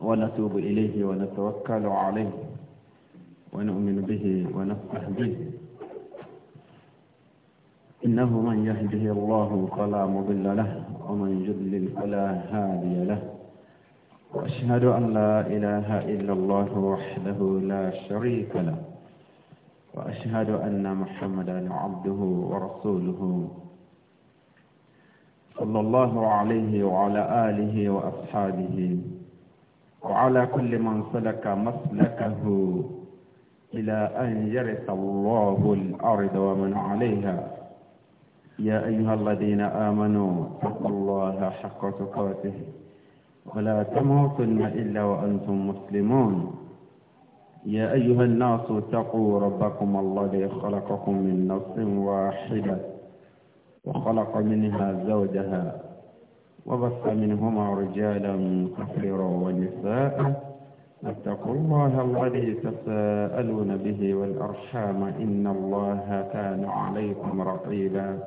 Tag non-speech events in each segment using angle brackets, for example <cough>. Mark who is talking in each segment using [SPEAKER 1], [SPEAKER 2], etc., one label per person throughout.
[SPEAKER 1] ونتوب إليه ونتوكل عليه ونؤمن به ونفتح به إنه من يهده الله فلا مضل له ومن يضلل فلا هادي له وأشهد أن لا إله إلا الله وحده لا شريك له وأشهد أن محمدا عبده ورسوله صلى الله عليه وعلى آله وأصحابه وعلى كل من سلك مسلكه إلى أن يرث الله الأرض ومن عليها يا أيها الذين آمنوا اتقوا الله حق تقاته ولا تموتن إلا وأنتم مسلمون يا أيها الناس اتقوا ربكم الذي خلقكم من نفس واحدة وخلق منها زوجها وبث منهما رجالا كثيرا ونساء اتقوا الله الذي تساءلون به والأرحام إن الله كان عليكم رقيبا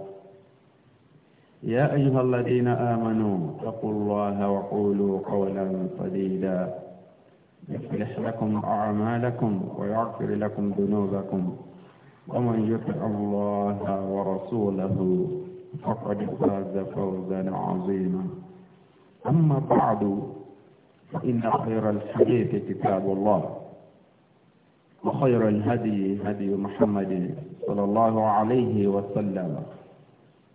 [SPEAKER 1] يا أيها الذين آمنوا اتقوا الله وقولوا قولا سديدا يصلح لكم أعمالكم ويغفر لكم ذنوبكم ومن يطع الله ورسوله فقد فاز فوزا عظيما أما بعد فإن خير الحديث كتاب الله وخير الهدي هدي محمد صلى الله عليه وسلم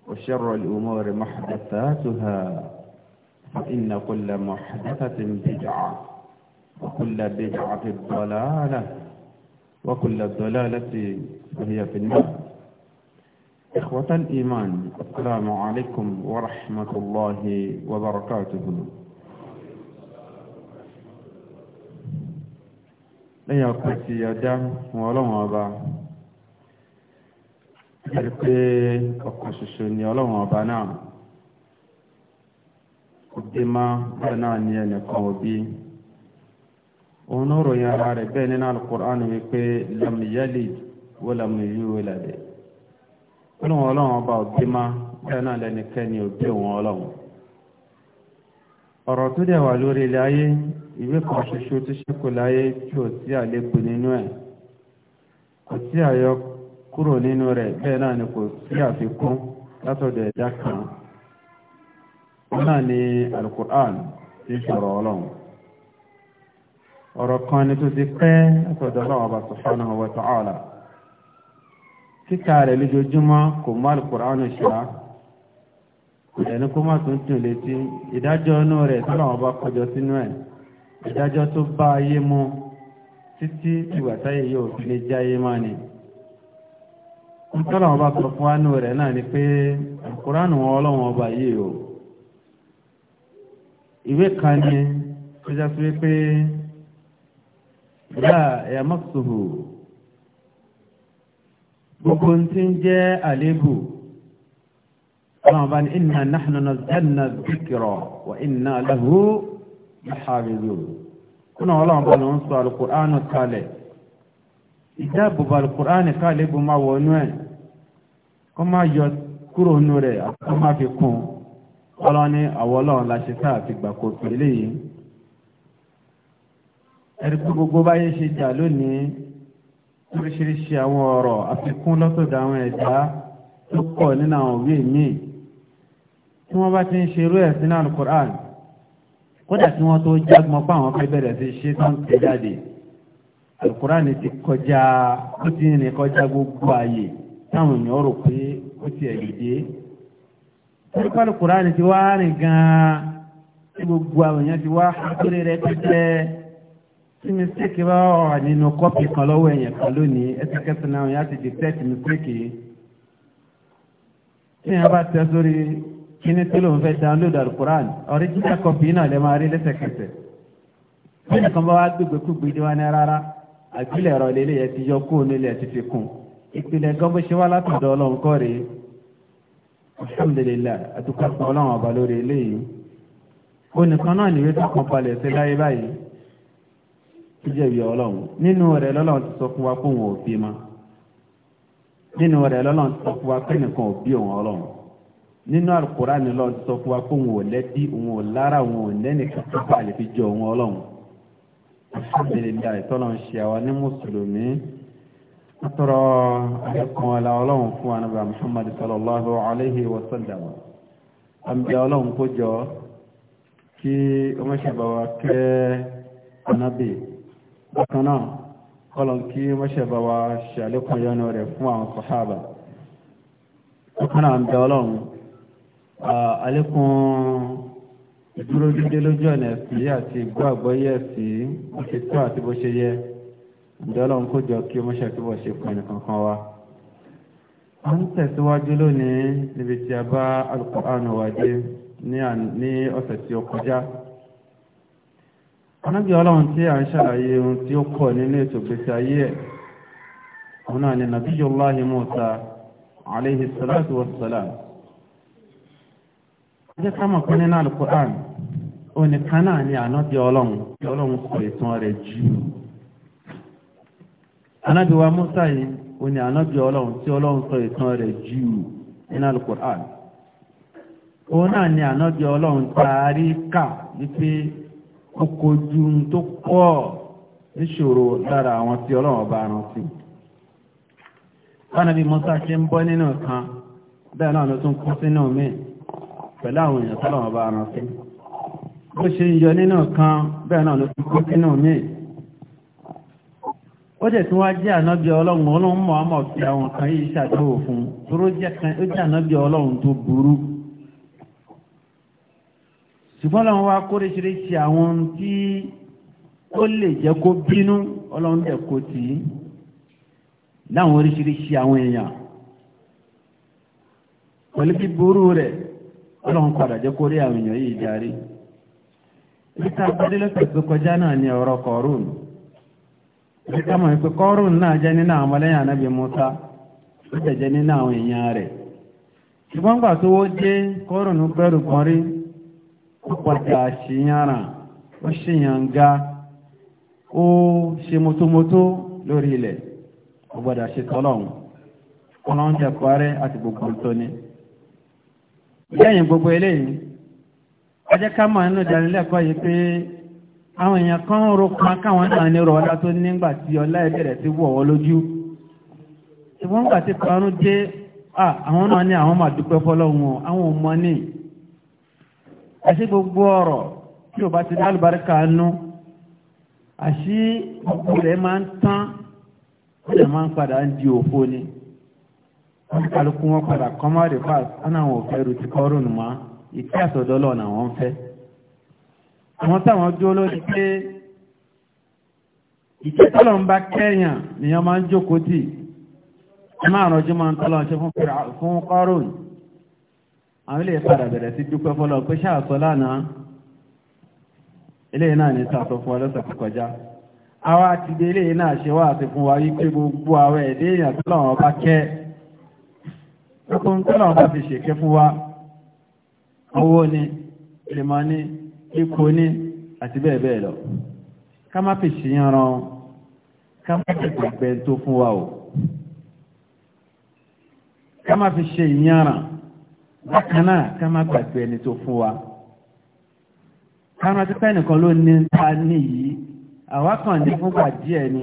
[SPEAKER 1] وشر الأمور محدثاتها فإن كل محدثة بدعة وكل بدعة ضلالة وكل ضلالة فهي في النار إخوة الإيمان السلام عليكم ورحمة الله وبركاته lẹ́yìn ọ̀pẹ́ ti ọjà fún ọlọ́run ọba jẹ́ pé ọ̀kan ṣoṣo ni ọlọ́run ọba náà òde má bẹ́ẹ̀ náà ni ẹnìkan òbí òun náà ròyìn ara rẹ̀ bẹ́ẹ̀ nínú Al-Qur'an wípé lam yalid wa lam yulad ọlọ́run ọlọ́run ọba òbí má bẹ́ẹ̀ lẹ́nikẹ́ni òbí òun ọlọ́run ọ̀rọ̀ tó dẹ̀ wà lórí ayé ìwé kan ṣoṣo tó láyé tí ò sí àlékún nínú ẹ̀ kò sí àyọ kúrò nínú rẹ̀ bẹ́ẹ̀ náà ni kò sí àfikún látọ̀dọ̀ ẹ̀dá kan wọn náà ni alukur'an ti sọ̀rọ̀ ọlọ́run ọ̀rọ̀ kan ni tó ti pẹ́ látọ̀dọ̀ kíkà rẹ̀ lójoojúmọ́ kò mú alukùránù ṣíra ẹni kó má tún tún létí ìdájọ́ inú rẹ̀ tọ́lọ́wọ́n bá kọjọ sínú ẹ̀ ìdájọ́ tó bá ayé mu títí ìgbàsáyé yóò fi lè jẹ́ ayé máa ni tọ́lọ́wọ́n bá sọ fún wánú rẹ̀ náà ni pé alukùránù wọn ọlọ́wọ́n ọba yìí o ìwé kan ni ó jẹ́ pé láà ẹ̀ mọ́sùlùmí gbogbo tí ń jẹ́ àlébù ọlọ́run bá ní inna nahnu nazzalna dhikra wa inna lahu lahafizun kúnà ọlọ́run bá ní ń sọ alukur'anu kalẹ̀ ìdáàbòbò alukur'anu kalẹ̀ bó máa wọnú ẹ̀ kó máa yọ kúrò nù rẹ̀ àti máa fi kún ọlọ́run ní àwọ̀ ọlọ́run la ṣe gbà kó pèlè yìí ẹ̀rí gbogbo báyé ṣe jà lónìí oríṣiríṣi àwọn ọ̀rọ̀ àfikún lọ́sọ̀dọ̀ àwọn ẹ̀dá tó pọ̀ nínú àwọn òwe míì tí wọ́n bá ti ń ṣe irú ẹ̀ sínú alukur'an kódà tí wọ́n tó jágbọ́n pa àwọn fẹ́ bẹ̀rẹ̀ sí ṣe tán tẹ̀ jáde alukur'an ti kọjá ó ti rìn kọjá gbogbo ààyè táwọn èèyàn rò pé ó ti ẹ̀ lùdé torí pé alukur'an ti wá rìn gan-an tí gbogbo àwọn èèyàn ti wá kórè rẹ̀ tí mistake bá wà nínú kọ́pì kan lọ́wọ́ èèyàn kan lónìí ẹsẹ̀kẹsẹ̀ náà yá ti detect mistake yìí tí èèyàn bá tẹ sórí kíní tó lòun fẹ́ download alukuran original copy náà lè máa rí lẹ́sẹ̀kẹsẹ̀ bí nìkan bá wá gbégbé kú gbèdé wá ní rárá àgbélẹ̀ ẹ̀rọ lélẹ̀ yẹn ti yọ kó o nílẹ̀ ti fi kún ìpìlẹ̀ gan bó ṣe wá látọ̀dọ̀ ọlọ́run kọ́ rèé alhamdulilayi àtúkọ̀ ọlọ́run ọba lórí eléyìí onìkan náà nìwé tó kàn balẹ̀ sí láyé báyìí tó jẹ́ ìyá ọlọ́run nínú rẹ̀ lọ́lọ́run ti sọ fún wa fóun ò bí ma nínú rẹ̀ lọ́lọ́run ti sọ fún wa pé nìkan ò bí òun ọlọ́run nínú àlùkùrá ni lọ́run ti sọ fún wa pé òun òun ò òun ò tó bá lè fi jọ òun ọlọ́run alhamdulilayi tọ́lọ́n ṣe àwa ní mùsùlùmí atọ́rọ akẹ́kọ̀ọ́ ọ̀la ọlọ́run fún anábà muhammad sallallahu alayhi wa sallam àmì ọlọ́run kó jọ kí ọmọ ṣàbàwà kẹ́ anábì bákan náà kọlọ̀n kí mọ́ṣẹ́ bá wa ṣàlékún yọnu rẹ̀ fún àwọn sàhábà bákan náà ń bẹ ọlọ́run àlékún ìdúró dídé lójú ọ̀nà ẹ̀sìn yìí àti ìgbọ́ àgbọ́yé ẹ̀sìn ó ti tó àti bó ṣe yẹ ń ọlọ́run kó jọ kí mọ́ṣẹ́ túbọ̀ ṣe pọ̀ nìkankan wa a ń tẹ̀síwájú lónìí níbi tí a bá alukọ́ àánú wájú ní ọ̀sẹ̀ tí ó kọjá anábì ọlọ́run tí a ń ṣàlàyé ohun tí ó kọ̀ nínú ètò gbèsè ayé ẹ̀ òun náà ni nàbíyọláhi Mùsá alayhi salatu wassalam jẹ́ ká mọ̀ pé nínú alukur'an ó ní kan náà ni ànábì ọlọ́run tí ọlọ́run kọ ìtàn rẹ̀ jù anábì wa Mùsá yìí ó ní ànábì náà ni ànábì ọlọ́run ó kojú tó pọ̀ níṣòro lára àwọn tí ọlọ́run bá rán sí bánàbí Mùsá ṣe ń bọ́ nínú kan bẹ́ẹ̀ náà ló tún kú sínú míì pẹ̀lú àwọn èèyàn tọ́lọ́run bá rán sí bó ṣe ń yọ nínú kan bẹ́ẹ̀ náà ló tún kú sínú míì ó jẹ́ tí wọ́n jẹ́ ànábì ọlọ́run ọlọ́run mọ̀ àmọ̀ fi àwọn kan yìí ṣàdéhùn fún un jẹ́ ànábì ọlọ́run tó burú ṣùgbọ́n lọ́wọ́ wa kóríṣiríṣi àwọn tí ó lè jẹ́ kó bínú ọlọ́run tẹ̀ kó tì í láwọn oríṣiríṣi àwọn èèyàn pẹ̀lú bí burú rẹ̀ ọlọ́run padà jẹ́ kó rí àwọn èèyàn yìí járe ìta tó kọjá náà ni ọ̀rọ̀ kọ̀ọ̀rún ìta mọ̀ pé kọ̀ọ̀rún náà jẹ́ nínú àwọn ọmọlẹ́yìn anábì Musa ó tẹ̀ jẹ́ nínú àwọn èèyàn rẹ̀ ṣùgbọ́n gbà tó dé kan rí pàtà ṣìyànrà ó ṣìyànga ó ṣe mọ́tómọ́tó lórí ilẹ̀ ọgbọ́dà ṣe tọ́lọ́hun ọlọ́njẹ parẹ́ àti gbogbo tó ní lẹ́yìn gbogbo eléyìí ọjọ́ ká máa nínú ìdánilẹ́kọ̀ọ́ yìí pé àwọn èèyàn kan ń ro kan káwọn náà ní rọ ọlá tó nígbà tí ọlá ìbẹ̀rẹ̀ ti wọ̀ ọ́ lójú ṣùgbọ́n nígbà tí parun dé àwọn náà ní àwọn máa dúpẹ́ fọlọ́hun àwọn ò mọ ní àṣí gbogbo ọ̀rọ̀ tí ò bá ti lálùbáríkà nú àṣí gbogbo rẹ̀ máa ń tán ó lè máa ń padà ń di òfo ni wọ́n kálukú wọn padà kọ́mọ́ rẹ̀ fà ánà àwọn òfẹ́ rú ti kọ́ rùn mọ́ ìpẹ́ àtọ̀dọ́ lọ́nà àwọn fẹ́ àwọn táwọn dúró lórí pé ìkẹ́ tọ́lọ̀ ń bá kẹ́yàn nìyàn máa ń jókòó tì ẹ máa rọjú máa ń tọ́lọ̀ ṣe fún Kọ́rùn-ún àwọn ilé ìpadà bẹ̀rẹ̀ sí dúpẹ́ fọ́lọ́ pé ṣáàsọ lánàá ilé náà ní sàtọ̀ fún ọlọ́sẹ̀ tó kọjá àwa ti dé ilé náà ṣe wá àti fún wa wípé gbogbo àwọn ẹ̀dẹ́ èèyàn tó lọ́wọ́ bá kẹ́ ọkùn tó lọ́wọ́ bá fi ṣèké fún wa owó ni ìlèmọ́ ni ikú ni àti bẹ́ẹ̀ bẹ́ẹ̀ lọ ká má fi ṣìyànràn ká má fi gbẹ̀gbẹ̀ tó fún wa o ká má fi ṣe ìyànràn bákan náà ká má gbàgbé ẹni tó fún wa ká má ti pẹ́ nìkan ló ní ta níyì àwa kàn ní fúngbà díẹ̀ ni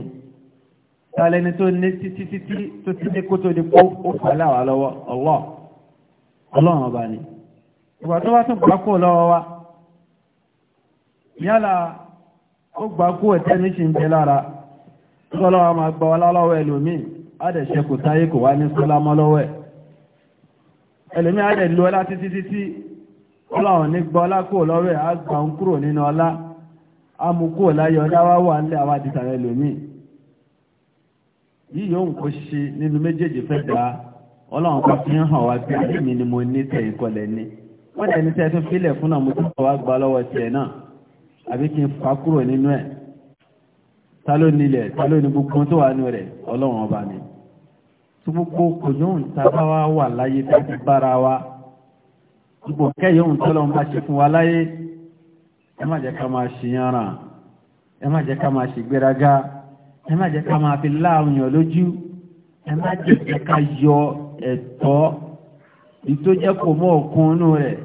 [SPEAKER 1] tàlẹ́ni tó ní títí títí tó ti dé kó tó di kó ó fàálà wà lọ́wọ́ ọlọ́ ọlọ́run ọba ni ìgbà tó wá tún gbà kó lọ́wọ́ wa yálà ó gbà kó ẹ̀tẹ́ ní ṣe ń bẹ lára tó lọ́wọ́ máa gbọ́ wa lọ́wọ́ ẹlòmíì á kò táyé kò wá ní sọ́lámọ́ lọ́wọ́ ẹ̀ ẹlòmí ààrẹ lú ọlá títí títí ọláwọ̀n ní gbọ́ ọlá kúrò lọ́rẹ̀ àgbà ń kúrò nínú ọlá amukú ọláyọ ọláwà wà ń lé àwọn àdìsà rẹ lòmí yìí yóò ń kó ṣe nínú méjèèjì fẹ́ dá ọláwọ̀n kan fi ń hàn wá pé àdìmí ni mo ní tẹ̀ ìkọlẹ̀ ni wọ́n dẹ̀ ní tẹ́ tó fílẹ̀ fún náà mo tún kọ̀ wá gbà lọ́wọ́ tiẹ̀ náà àbí kí n fa kúrò nínú ẹ̀ ta ló tó wà nínú rẹ̀ ọlọ́wọ̀n ọba ni gbogbo kò yóò ń sábà wá wà láyé tàbí bára wa gbogbo kẹ́ yóò ń tọ́lọ ń bá ṣe fún wa láyé ẹ má jẹ́ ká máa ṣe yànrà ẹ má jẹ́ ká máa ṣe gbéraga ẹ má jẹ́ ká máa fi láàyàn lójú ẹ má jẹ́ ká yọ ẹ̀tọ́ ìtójẹ́ kò mọ́ ọ̀kun inú rẹ̀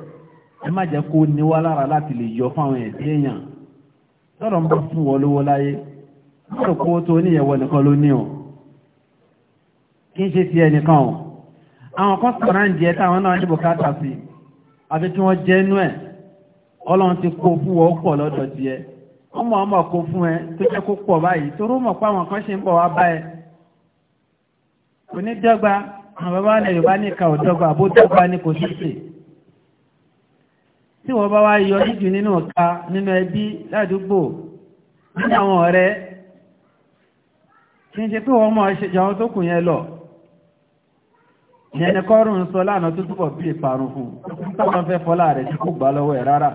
[SPEAKER 1] ẹ má jẹ́ kó níwá lára láti lè yọ fáwọn ẹ̀sìn èèyàn tọ́lọ̀ ń bá fún wọ lówó láyé mọ́rọ̀ kó tó níyẹ̀wọ̀ nìkan ló ní ọ̀ kí ṣe ti ẹnìkan ọ̀ àwọn kan sọ̀rọ̀ ń jẹ táwọn náà ní bùkátà sí àfi tí wọ́n jẹ́ inú ẹ̀ ọlọ́run ti kó fún wọ́n pọ̀ lọ́dọ̀ ti ẹ ọmọ ọmọ kó fún ẹ tó jẹ́ kó pọ̀ báyìí torú mọ̀ pé àwọn kan ṣe ń bọ̀ wá bá ẹ kò ní dọ́gba àwọn bàbá ilẹ̀ Yorùbá ní ìka ò dọ́gba àbó dọ́gba ní kò sísè tí wọ́n bá wá yọ níjù nínú ọ̀ka nínú ẹbí ládùúgbò nínú àwọn ọ̀rẹ́ kí n ṣe pé wọ́n mọ̀ ṣe àwọn tó kù yẹn lọ ìyẹn ni kọ́rùn ún sọ lánàá tó túbọ̀ bí ìparun fún un táwọn fẹ́ fọlá rẹ̀ tí kò gbà lọ́wọ́ ẹ̀ rárá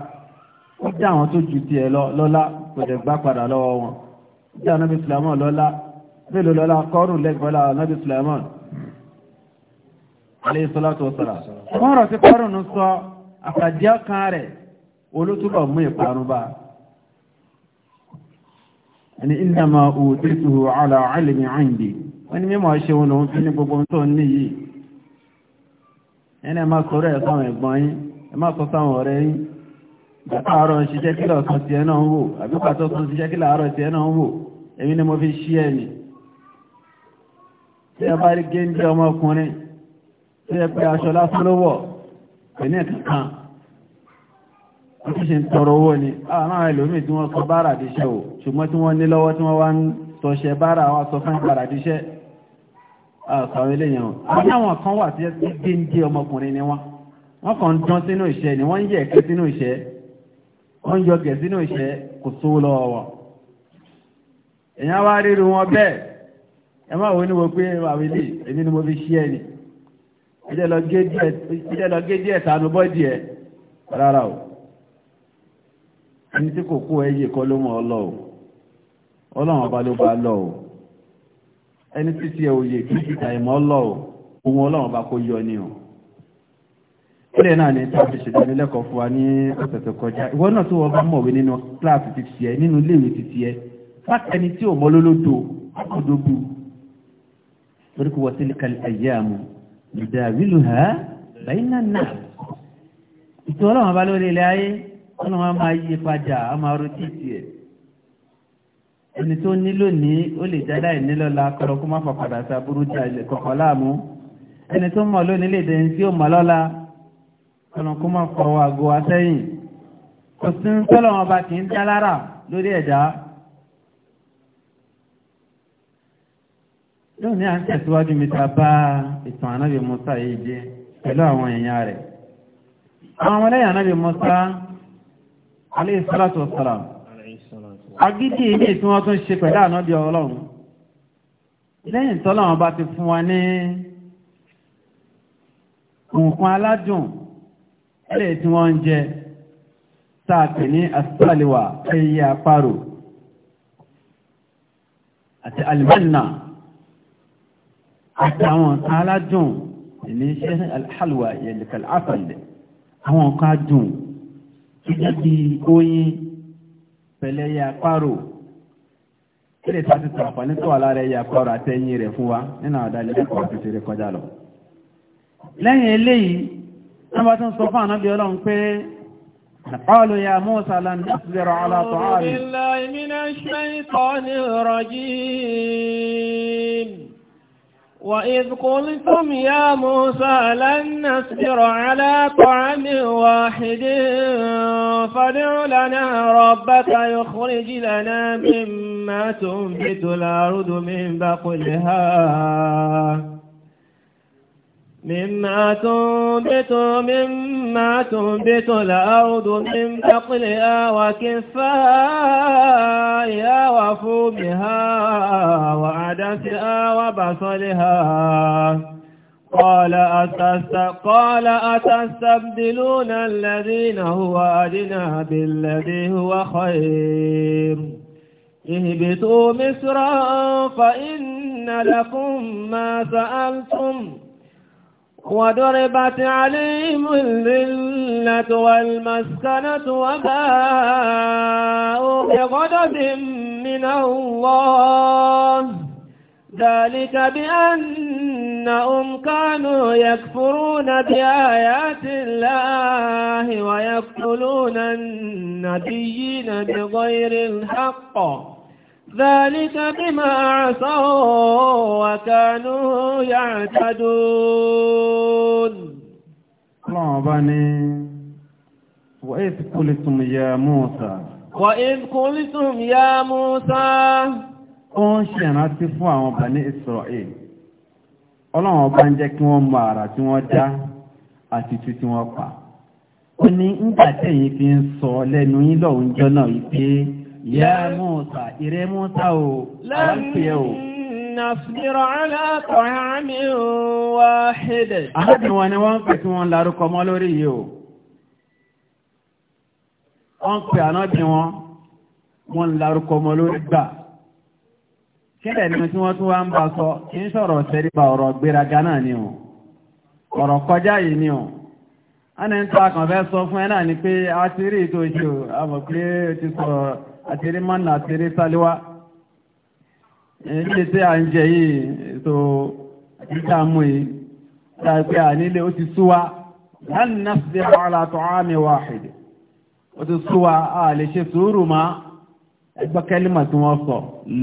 [SPEAKER 1] ó dá àwọn tó ju tiẹ̀ lọ lọ́lá kò dẹ̀ gbá padà lọ́wọ́ wọn dá anábì sùlámọ̀ lọ́lá mélòó lọ́lá kọ́rùn lẹ́gbọ́lá anábì sùlámọ̀ alayhi salatu wa salam wọ́n rọ̀ sí kọ́rùn ún sọ àkàdíà kan rẹ̀ olótúbọ̀ mú ìparun bá ẹni innama utituhu ala ilmi indi wọ́n ní mímọ̀ ṣe wọn lòun fi ní gbogbo tó ní yìí ẹni ẹ máa kọ rẹ̀ sáwọn ẹ̀gbọ́n yín ẹ máa kọ sáwọn ọ̀rẹ́ yín bàtà àárọ̀ ṣiṣẹ́ kílọ̀ kan tiẹ̀ náà wò àbí pàtó kan ṣiṣẹ́ kílọ̀ àárọ̀ tiẹ̀ náà wò èmi ni mo fi ṣí ẹ̀ nì tí ẹ bá rí géńdé ọmọkùnrin tí ẹ pé aṣọ lásán ló wọ̀ pẹ̀lú ẹ̀kankan wọ́n ti ṣe ń tọrọ owó ni àwọn àwọn ẹlòmíì tí wọ́n sọ bára àdíṣẹ́ o ṣùgbọ́n tí wọ́n ní lọ́wọ́ tí wọ́n wá ń sọṣẹ́ bára àwọn sọ fún ìpàdàdíṣẹ́ sọ̀rọ̀ eléyàn wọ́n àwọn kan wà tí déńdé ọmọkùnrin ni wọ́n wọ́n kàn ń dán sínú ìṣẹ́ ni wọ́n ń yẹ̀ ẹ̀kẹ́ sínú ìṣẹ́ wọ́n ń yọgẹ̀ sínú ìṣẹ́ kò sówó lọ́wọ́ wọn èèyàn wá ríru wọn bẹ́ẹ̀ ẹ má wo ni wo pé bàbá ilé èmi ni mo fi ṣí ẹ ni ìjẹ́ lọ gé díẹ̀ tánú bọ́dì ẹ rárá o ẹni tí kò kó ẹyẹ kọ́ ló mọ̀ ọlọ́ o ọlọ́run ọba ẹni títí ẹ òye ìmọ̀ ohun ọlọ́run bá kó yọ ni o ilé náà ni tàbí ṣèdánilẹ́kọ̀ọ́ fún wa ní ọ̀sẹ̀ kọjá ìwọ náà tó wọ́n bá mọ̀wé nínú kíláàsì nínú tí ò lólódò torí kò wọ́n ẹ̀yẹ́ àmú ìdá wílù báyìí náà ìtọ́ bá lórí ilẹ̀ ayé máa yí padà á máa ẹni tó nílò ní ó lè jádá ìnílọ́la kọ́rọ̀ kó má fọ̀padà sí aburú jà ilẹ̀ kọ̀kọ́ láàmú ẹni tó mọ̀ lónìí lè dẹni tí ó mọ̀ lọ́la kọ́rọ̀ kó má fọwọ́ àgọ́ wa sẹ́yìn kò sí ń tọ́lọ̀ wọn bá kì í dá lára lórí ẹ̀dá. lónìí à ń tẹ̀síwájú mi ta bá ìtàn anábì Musa yìí jẹ pẹ̀lú àwọn èèyàn rẹ̀ àwọn ọmọlẹ́yìn anábì Musa alayhi salatu wa salam agídí ilé tí wọ́n tún ṣe pẹ̀lú ànábì ọlọ́run lẹ́yìn tọ́lọ́run bá ti fún wa ní nǹkan aládùn ẹlẹ́ tí wọ́n ń jẹ sáàpì ní asálíwà ẹyẹ àparò àti alìmọ́nà àtàwọn nǹkan aládùn ìní iṣẹ́ alhálùwà yẹ̀lẹ̀kẹ̀lẹ̀ àpàlẹ̀ àwọn nǹkan adùn gẹ́gẹ́ bí oyin pẹ̀lẹ́ yẹ àpárò kí lè tàbí tàǹfààní tó wà lára ẹyẹ àpárò àtẹ̀yìn rẹ̀ fún wa nínú àdáyé lẹ́kọ̀ọ́ tuntun rẹ̀ kọjá lọ. lẹ́yìn eléyìí wọ́n bá tún sọ fún ànábì ọlọ́run pé قالوا يا موسى لن نصبر على طعام أعوذ بالله من الشيطان الرجيم وإذ قلتم يا موسى لن نصبر على وَاحِدٍ واحد فادع لنا ربك يخرج لنا مما تنبت الأرض من بقلها مما تنبت مما تنبت الأرض من بقلها وكفائها وفومها وعدسها وبصلها قال أتست قال أتستبدلون الذين هو أدنى بالذي هو خير اهبطوا مصرا فإن لكم ما سألتم وضربت عليهم الذلة والمسكنة وباءوا بغضب من الله ذلك بأنهم كانوا يكفرون بآيات الله ويقتلون النبيين بغير الحق ذلك بما عصوا وكانوا يعتدون الله بني وإذ قلتم يا موسى وإذ قلتم يا موسى ó ń ṣèrántí fún àwọn ọba ń jẹ́ kí wọ́n mọ àrà tí wọ́n dá àti tú tí wọ́n pa ó ní ń gbà tẹ̀yìn fi ń sọ lẹ́nu yín lọ́wọ́ náà yìí pé يا موسى إري موسى لن نصبر على طعام واحد أحد وانا وانك تون لارك مالوريو أنك أنا بيوان وان لارك مالوري با kílẹ̀ ní tí wọ́n tún wá ń bá sọ kí ń sọ̀rọ̀ sẹ́rípa ọ̀rọ̀ gbéraga náà ni ọ̀ ọ̀rọ̀ kọjá yìí ni ọ̀ a ní ń tọ́ akànfẹ́ sọ fún ẹ náà ni pé a ti rí ìtò ìṣò àmọ̀ pé o ti sọ̀rọ̀ àtẹ̀rí mọ́nà àtẹ̀rí sáléwá ilé tí a ń jẹ yìí tó àtẹ̀ká mú yìí tàbí ànílé ó ti súwá lánàá sí ala ta'ami wahid ó ti súwá a lè ṣe sùúrù ma ẹgbẹ́ tí wọ́n sọ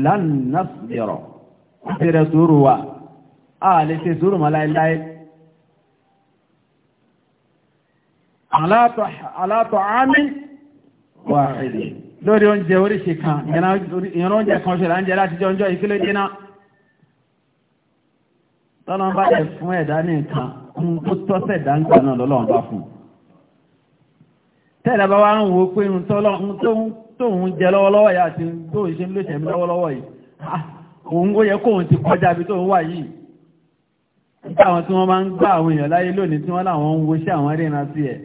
[SPEAKER 1] lánàá sí rọ̀ ó ti rẹ̀ sùúrù lórí oúnjẹ oríṣi kan ìran oúnjẹ kan ṣe láńjẹ láti jọ ọjọ́ ìkílé dínà tọ́lọ́n bá lẹ̀ fún ẹ̀dá ní nǹkan ń tó tọ́sẹ̀ dáńgbà náà lọ́lọ́run bá fún tẹ́lẹ̀ bá wá ń wo pé ń tóun jẹ lọ́wọ́lọ́wọ́ yìí àti tó ń ṣe ń lóṣẹ̀ mi lọ́wọ́lọ́wọ́ yìí ah, òun ó yẹ kóun ti kọjá bí tóun wà yìí nígbà àwọn tí wọ́n máa ń gbà àwọn èèyàn láyé lónìí tí wọ́n láwọn ń wo sí àwọn rí ìrántí ẹ̀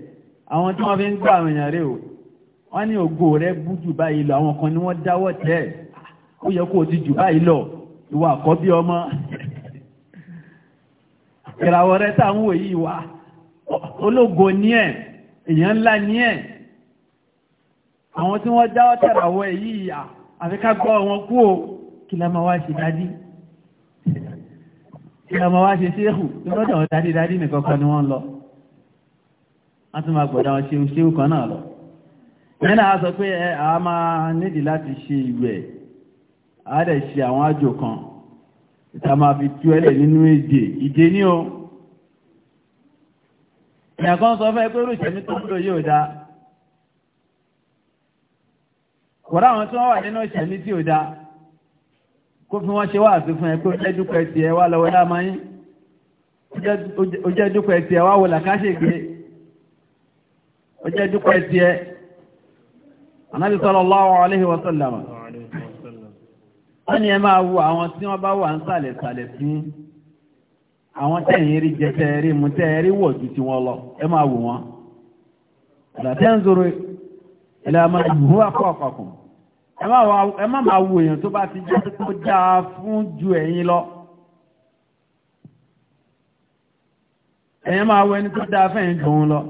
[SPEAKER 1] àwọn tí wọ́n fi ń gbà àwọn èèyàn rí wọ́n ní ògo rẹ̀ bú jù báyìí lọ àwọn kan ni wọ́n dáwọ́ tẹ́ ó yẹ kó o ti jù báyìí lọ ìwà àkọ́bí ọmọ ìràwọ̀ rẹ̀ tá à ń wò yìí wá ológo ní ẹ̀ èèyàn ńlá ní ẹ̀ àwọn tí wọ́n dáwọ́ tẹ̀ràwọ̀ ẹ̀ yìí àfi ká gbọ́ wọn kú o kí la máa wá ṣe dádí kí la máa wá ṣe ṣéhù lọ́dọ̀ dádí dádí nìkan kan ni wọ́n lọ wọ́n tún máa gbọ́dọ̀ ṣéhù ṣéhù kan nínú a sọ pé ẹ a máa nídìí láti ṣe ìwẹ̀ a dẹ̀ ṣe àwọn àjò kan ìta máa fi tú ẹlẹ̀ nínú èdè ìdè ní o ìyàn kan sọ fẹ́ pé rúṣẹ́mí tó ń lò yóò dá kọ̀rọ̀ àwọn tí wọ́n wà nínú ìṣẹ̀mí tí ò dá kó fi wọ́n ṣe wá àti fún ẹ pé ojẹ́dúpẹ́ ti ẹ wá lọ́wọ́ dá máa yín ojẹ́dúpẹ́ ẹ wá wò làkàṣègbè
[SPEAKER 2] ojẹ́dúpẹ́ ti ẹ
[SPEAKER 1] Ànábì sallallahu alaihi wa sallam. Wọ́n ni ẹ máa wo àwọn tí wọ́n bá wà ń sàlẹ̀ sàlẹ̀ sí àwọn tẹ̀yìn rí jẹ tẹ́ẹ̀rí mú tẹ́ẹ̀rí wọ̀ ju ti wọn lọ. Ẹ máa wò wọ́n. Àdà tẹ́ ń zoro ilẹ̀ àmọ́ ìbúhú àkọ́kọ̀kùn. Ẹ má máa wo èèyàn tó bá ti jẹ́ tó dáa fún ju ẹ̀yin lọ. Ẹ̀yin máa wo ẹni tó dáa fẹ́yìn jù òun lọ.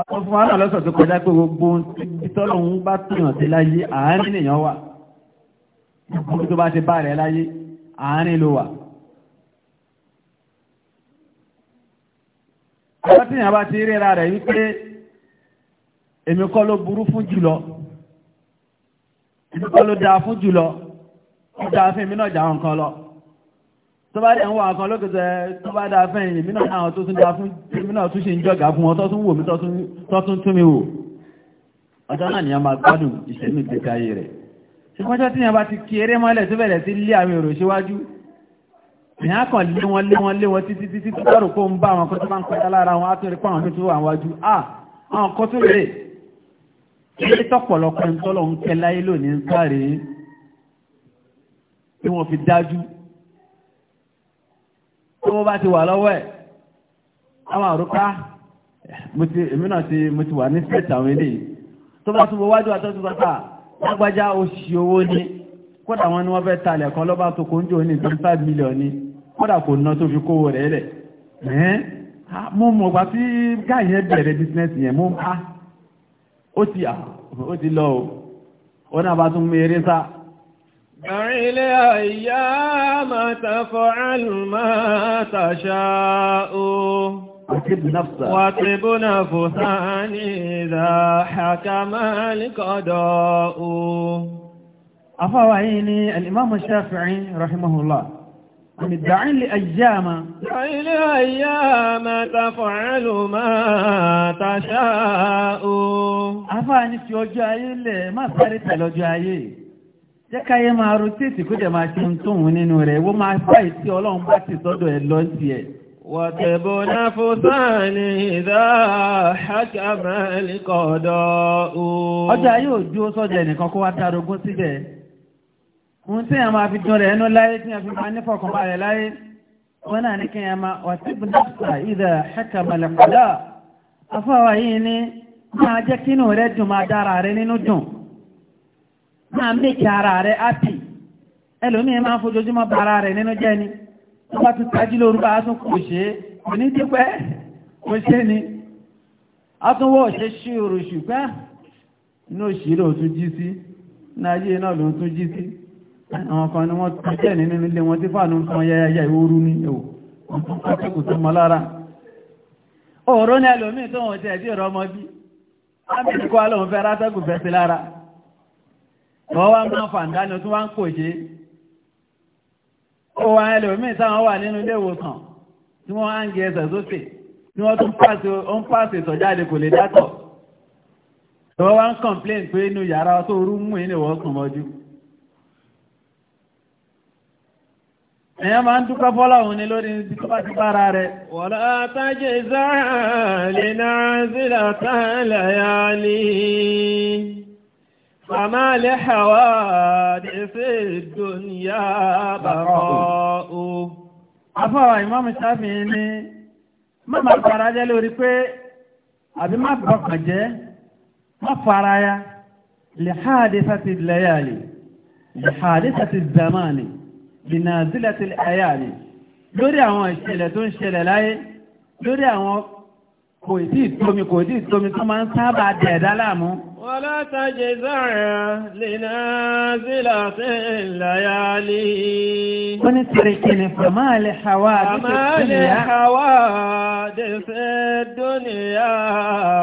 [SPEAKER 1] àwọn fún wánà lọ́sọ̀ tó kọjá pé gbogbo ìtọ́lọ̀hún bá tìyàn sí láyé àárín èèyàn wà gbogbo tó bá ṣe bá rẹ̀ láyé àárín ló wà látìyàn bá ti ríra rẹ̀ wípé èmi kọ́ ló burú fún jùlọ èmi kọ́ ló dáa fún jùlọ ó dáa fún èmi náà jà wọn kan lọ tó bá dẹ̀ ń wà lókèsẹ̀ tó bá dáa fẹ́ ìyìn mínà àwọn tó tún dáa fún mínà tún ṣe ń jọgà fún wọn tó wò mí tó tún wò ọjọ́ náà ni a máa gbádùn ìṣẹ̀mí ìgbésí ayé rẹ̀ ṣùgbọ́njọ́ tí yẹn bá ti kí eré mọ́lẹ̀ tó bẹ̀rẹ̀ sí lé àwọn èrò síwájú ìyá fi dájú tó bá ti wà lọ́wọ́ ẹ̀ àwọn àrùká ah, èmi náà ti mo ti wà ní state àwọn ilé tó bá tún bọ wájú àtọ́jú sọ́tà ah, lágbájá oṣù owó ni kódà wọn ni wọ́n fẹ́ talẹ̀ kan lọ́bá tó kó ń jò ní twenty five million ni kódà kò ná tó fi kówó rẹ̀ lẹ̀ ah, business yẹn mo ń ká ó ti lọ o ó náà bá tún mú eré sáà دع لأيام تفعل ما تشاء وطب نفسك وطب نفسا إذا حكم القضاء أفوعيني الإمام الشافعي رحمه الله دع لأيام دع لأيام تفعل ما تشاء أفعني في وجهي ما صارت الوجهي jẹ́ máa rotate kó dẹ̀ máa ṣe ń tóun nínú rẹ̀ wọ́n máa báyìí tí ọlọ́run bá ti sọ́dọ̀ ẹ̀ lọ sí ẹ̀. وَتَبُونَ فُسَانِ إِذَا حَكَمَ الْقَضَاءُ ọjọ́ ayé òjú ó sọ́jọ́ ẹnìkan kó wá darogún síbẹ̀ ohun tí a máa fi dùn rẹ̀ ẹnu láyé tí a fi máa nífọ̀kànbá rẹ̀ láyé wọ́n náà ní kí máa وَتَبُونَ فُسَانِ إِذَا حَكَمَ الْقَضَاءُ afọ́wà máa méjì ara rẹ̀ ápì ẹlòmíì máa fojoojúmọ́ bá ara rẹ̀ nínú jẹ́ ni tó bá tún tají lórúkọ atún kò ṣe é kò ní dípẹ́ kò ṣe ni atúnwọ́ ṣe ṣí oòrùn ṣùgbọ́n inú òṣìírò tún jí sí náyé náà ló tún jí sí àwọn kan ni wọ́n tún jẹ́ nínú ilé wọn tí fàánù fún yáyáyá ìwóoru ní ẹ̀wò ọkùnkùnkùn tó mọ́ lára òòrùn ni ẹlòmíì tó wọ́n tẹ̀ sí wọ́n wá máa fàndánù tó wá ń kò jẹ́ ó wá ẹlòmíì táwọn wà nínú ilé ìwòsàn tí wọ́n á ń gẹ ẹsẹ̀ sókè tí wọ́n tún ń pàṣẹ ìtọ̀jáde kò lè dátọ̀ tí wọ́n wá ń kọ̀m̀plẹ́ǹ pé inú yàrá tó rú mú ilé wọ́n sùn mọ́jú èèyàn máa ń dúpẹ́ fọ́lá òun ni lórí ibi tó bá ti bára rẹ̀. wọ́lá tájé záà lè náà sílẹ̀ tán lẹ́yà lè. فما لحوادث الدنيا بقاء afọ́wà ìmọ́mù sáfì ní má má fara jẹ́ lórí pé àbí má bọ̀kàn jẹ́ má fara ya lihadithati layali lihadithati zamani binazilati ayali lórí àwọn ìṣẹ̀lẹ̀ tó ń ṣẹlẹ̀ láyé lórí àwọn kò tí ì tómi kò tí ì tómi tó máa ń sábà dẹ̀ẹ́dá láàmú ولا تجزع لنازلة الليالي ونتركن فما لحوادث الدنيا حوادث الدنيا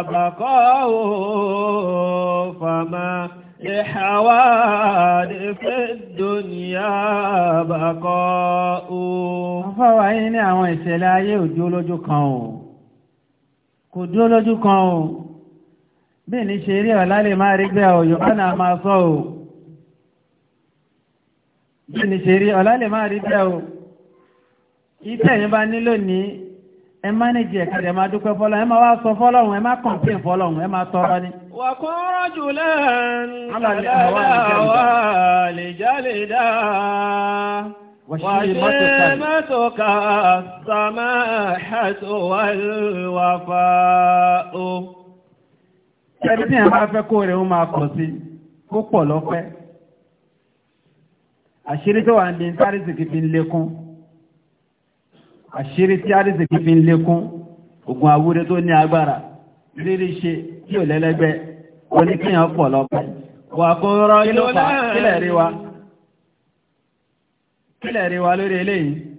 [SPEAKER 1] بقاء فما لحوادث الدنيا بقاء Àfáwà yìí ní àwọn ìṣẹ̀lẹ̀ ayé ò dúró lójú kan o. Kò dúró lójú bí ní ṣe rí ọ̀lá lè máa rí gbé ọ̀yọ́ bá náà máa sọ ò bí ní ṣe rí ọ̀lá lè máa rí gbé ò ìtẹ́ yìí bá nílò ní ẹ má ní jẹ kẹrẹ máa dúpẹ́ fọlọ́ ẹ má wá sọ fọlọ́hún ẹ má kọ̀ǹpín fọlọ́hún ẹ má tọrọ ni. wà á kún rọ́jù lẹ́hìn àdáwà lè jálè dáa. وشيمتك السماحة والوفاء ẹni tí àwọn afẹ́ kó rẹ̀ ń máa pọ̀ sí kó pọ̀ lọ́pẹ́ àṣírí tó wà ń di tí àrísìkí fi ń lékún àṣírí tí àrísìkí fi ń lékún ògùn àwúrẹ́ tó ní agbára rírí ṣe tí ò lẹ́lẹ́gbẹ́ oníkíyàn pọ̀ lọ́pẹ́ wà kó rọ́ ilé ọ̀pá kílẹ̀ rí wa kílẹ̀ rí wa lórí eléyìí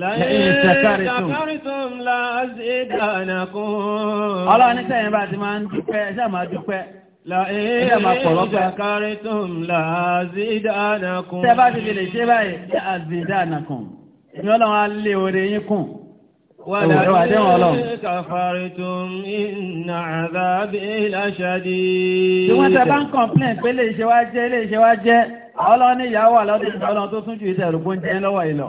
[SPEAKER 1] lẹ́yìn ṣàkárìtùm láàzídánakún. ọlọ́run ní sẹ́yìn bá ti máa ń dúpẹ́ ṣáà máa dúpẹ́ lẹ́yìn ṣàkárìtùm láàzídánakún. tẹ́ bá ti fi lè ṣe báyìí láàzídánakún ni ọlọ́run á lé oore yín kùn. ولئن كفرتم إن عذابي لشديد. tí wọ́n tẹ bá ń kọ̀ǹplẹ̀n pé lè ṣe wá jẹ́ lè ṣe wá jẹ́ ọlọ́run ní ìyá wà lọ́dún tó tún ju ìṣẹ̀rù lọ́wọ́ ìlọ.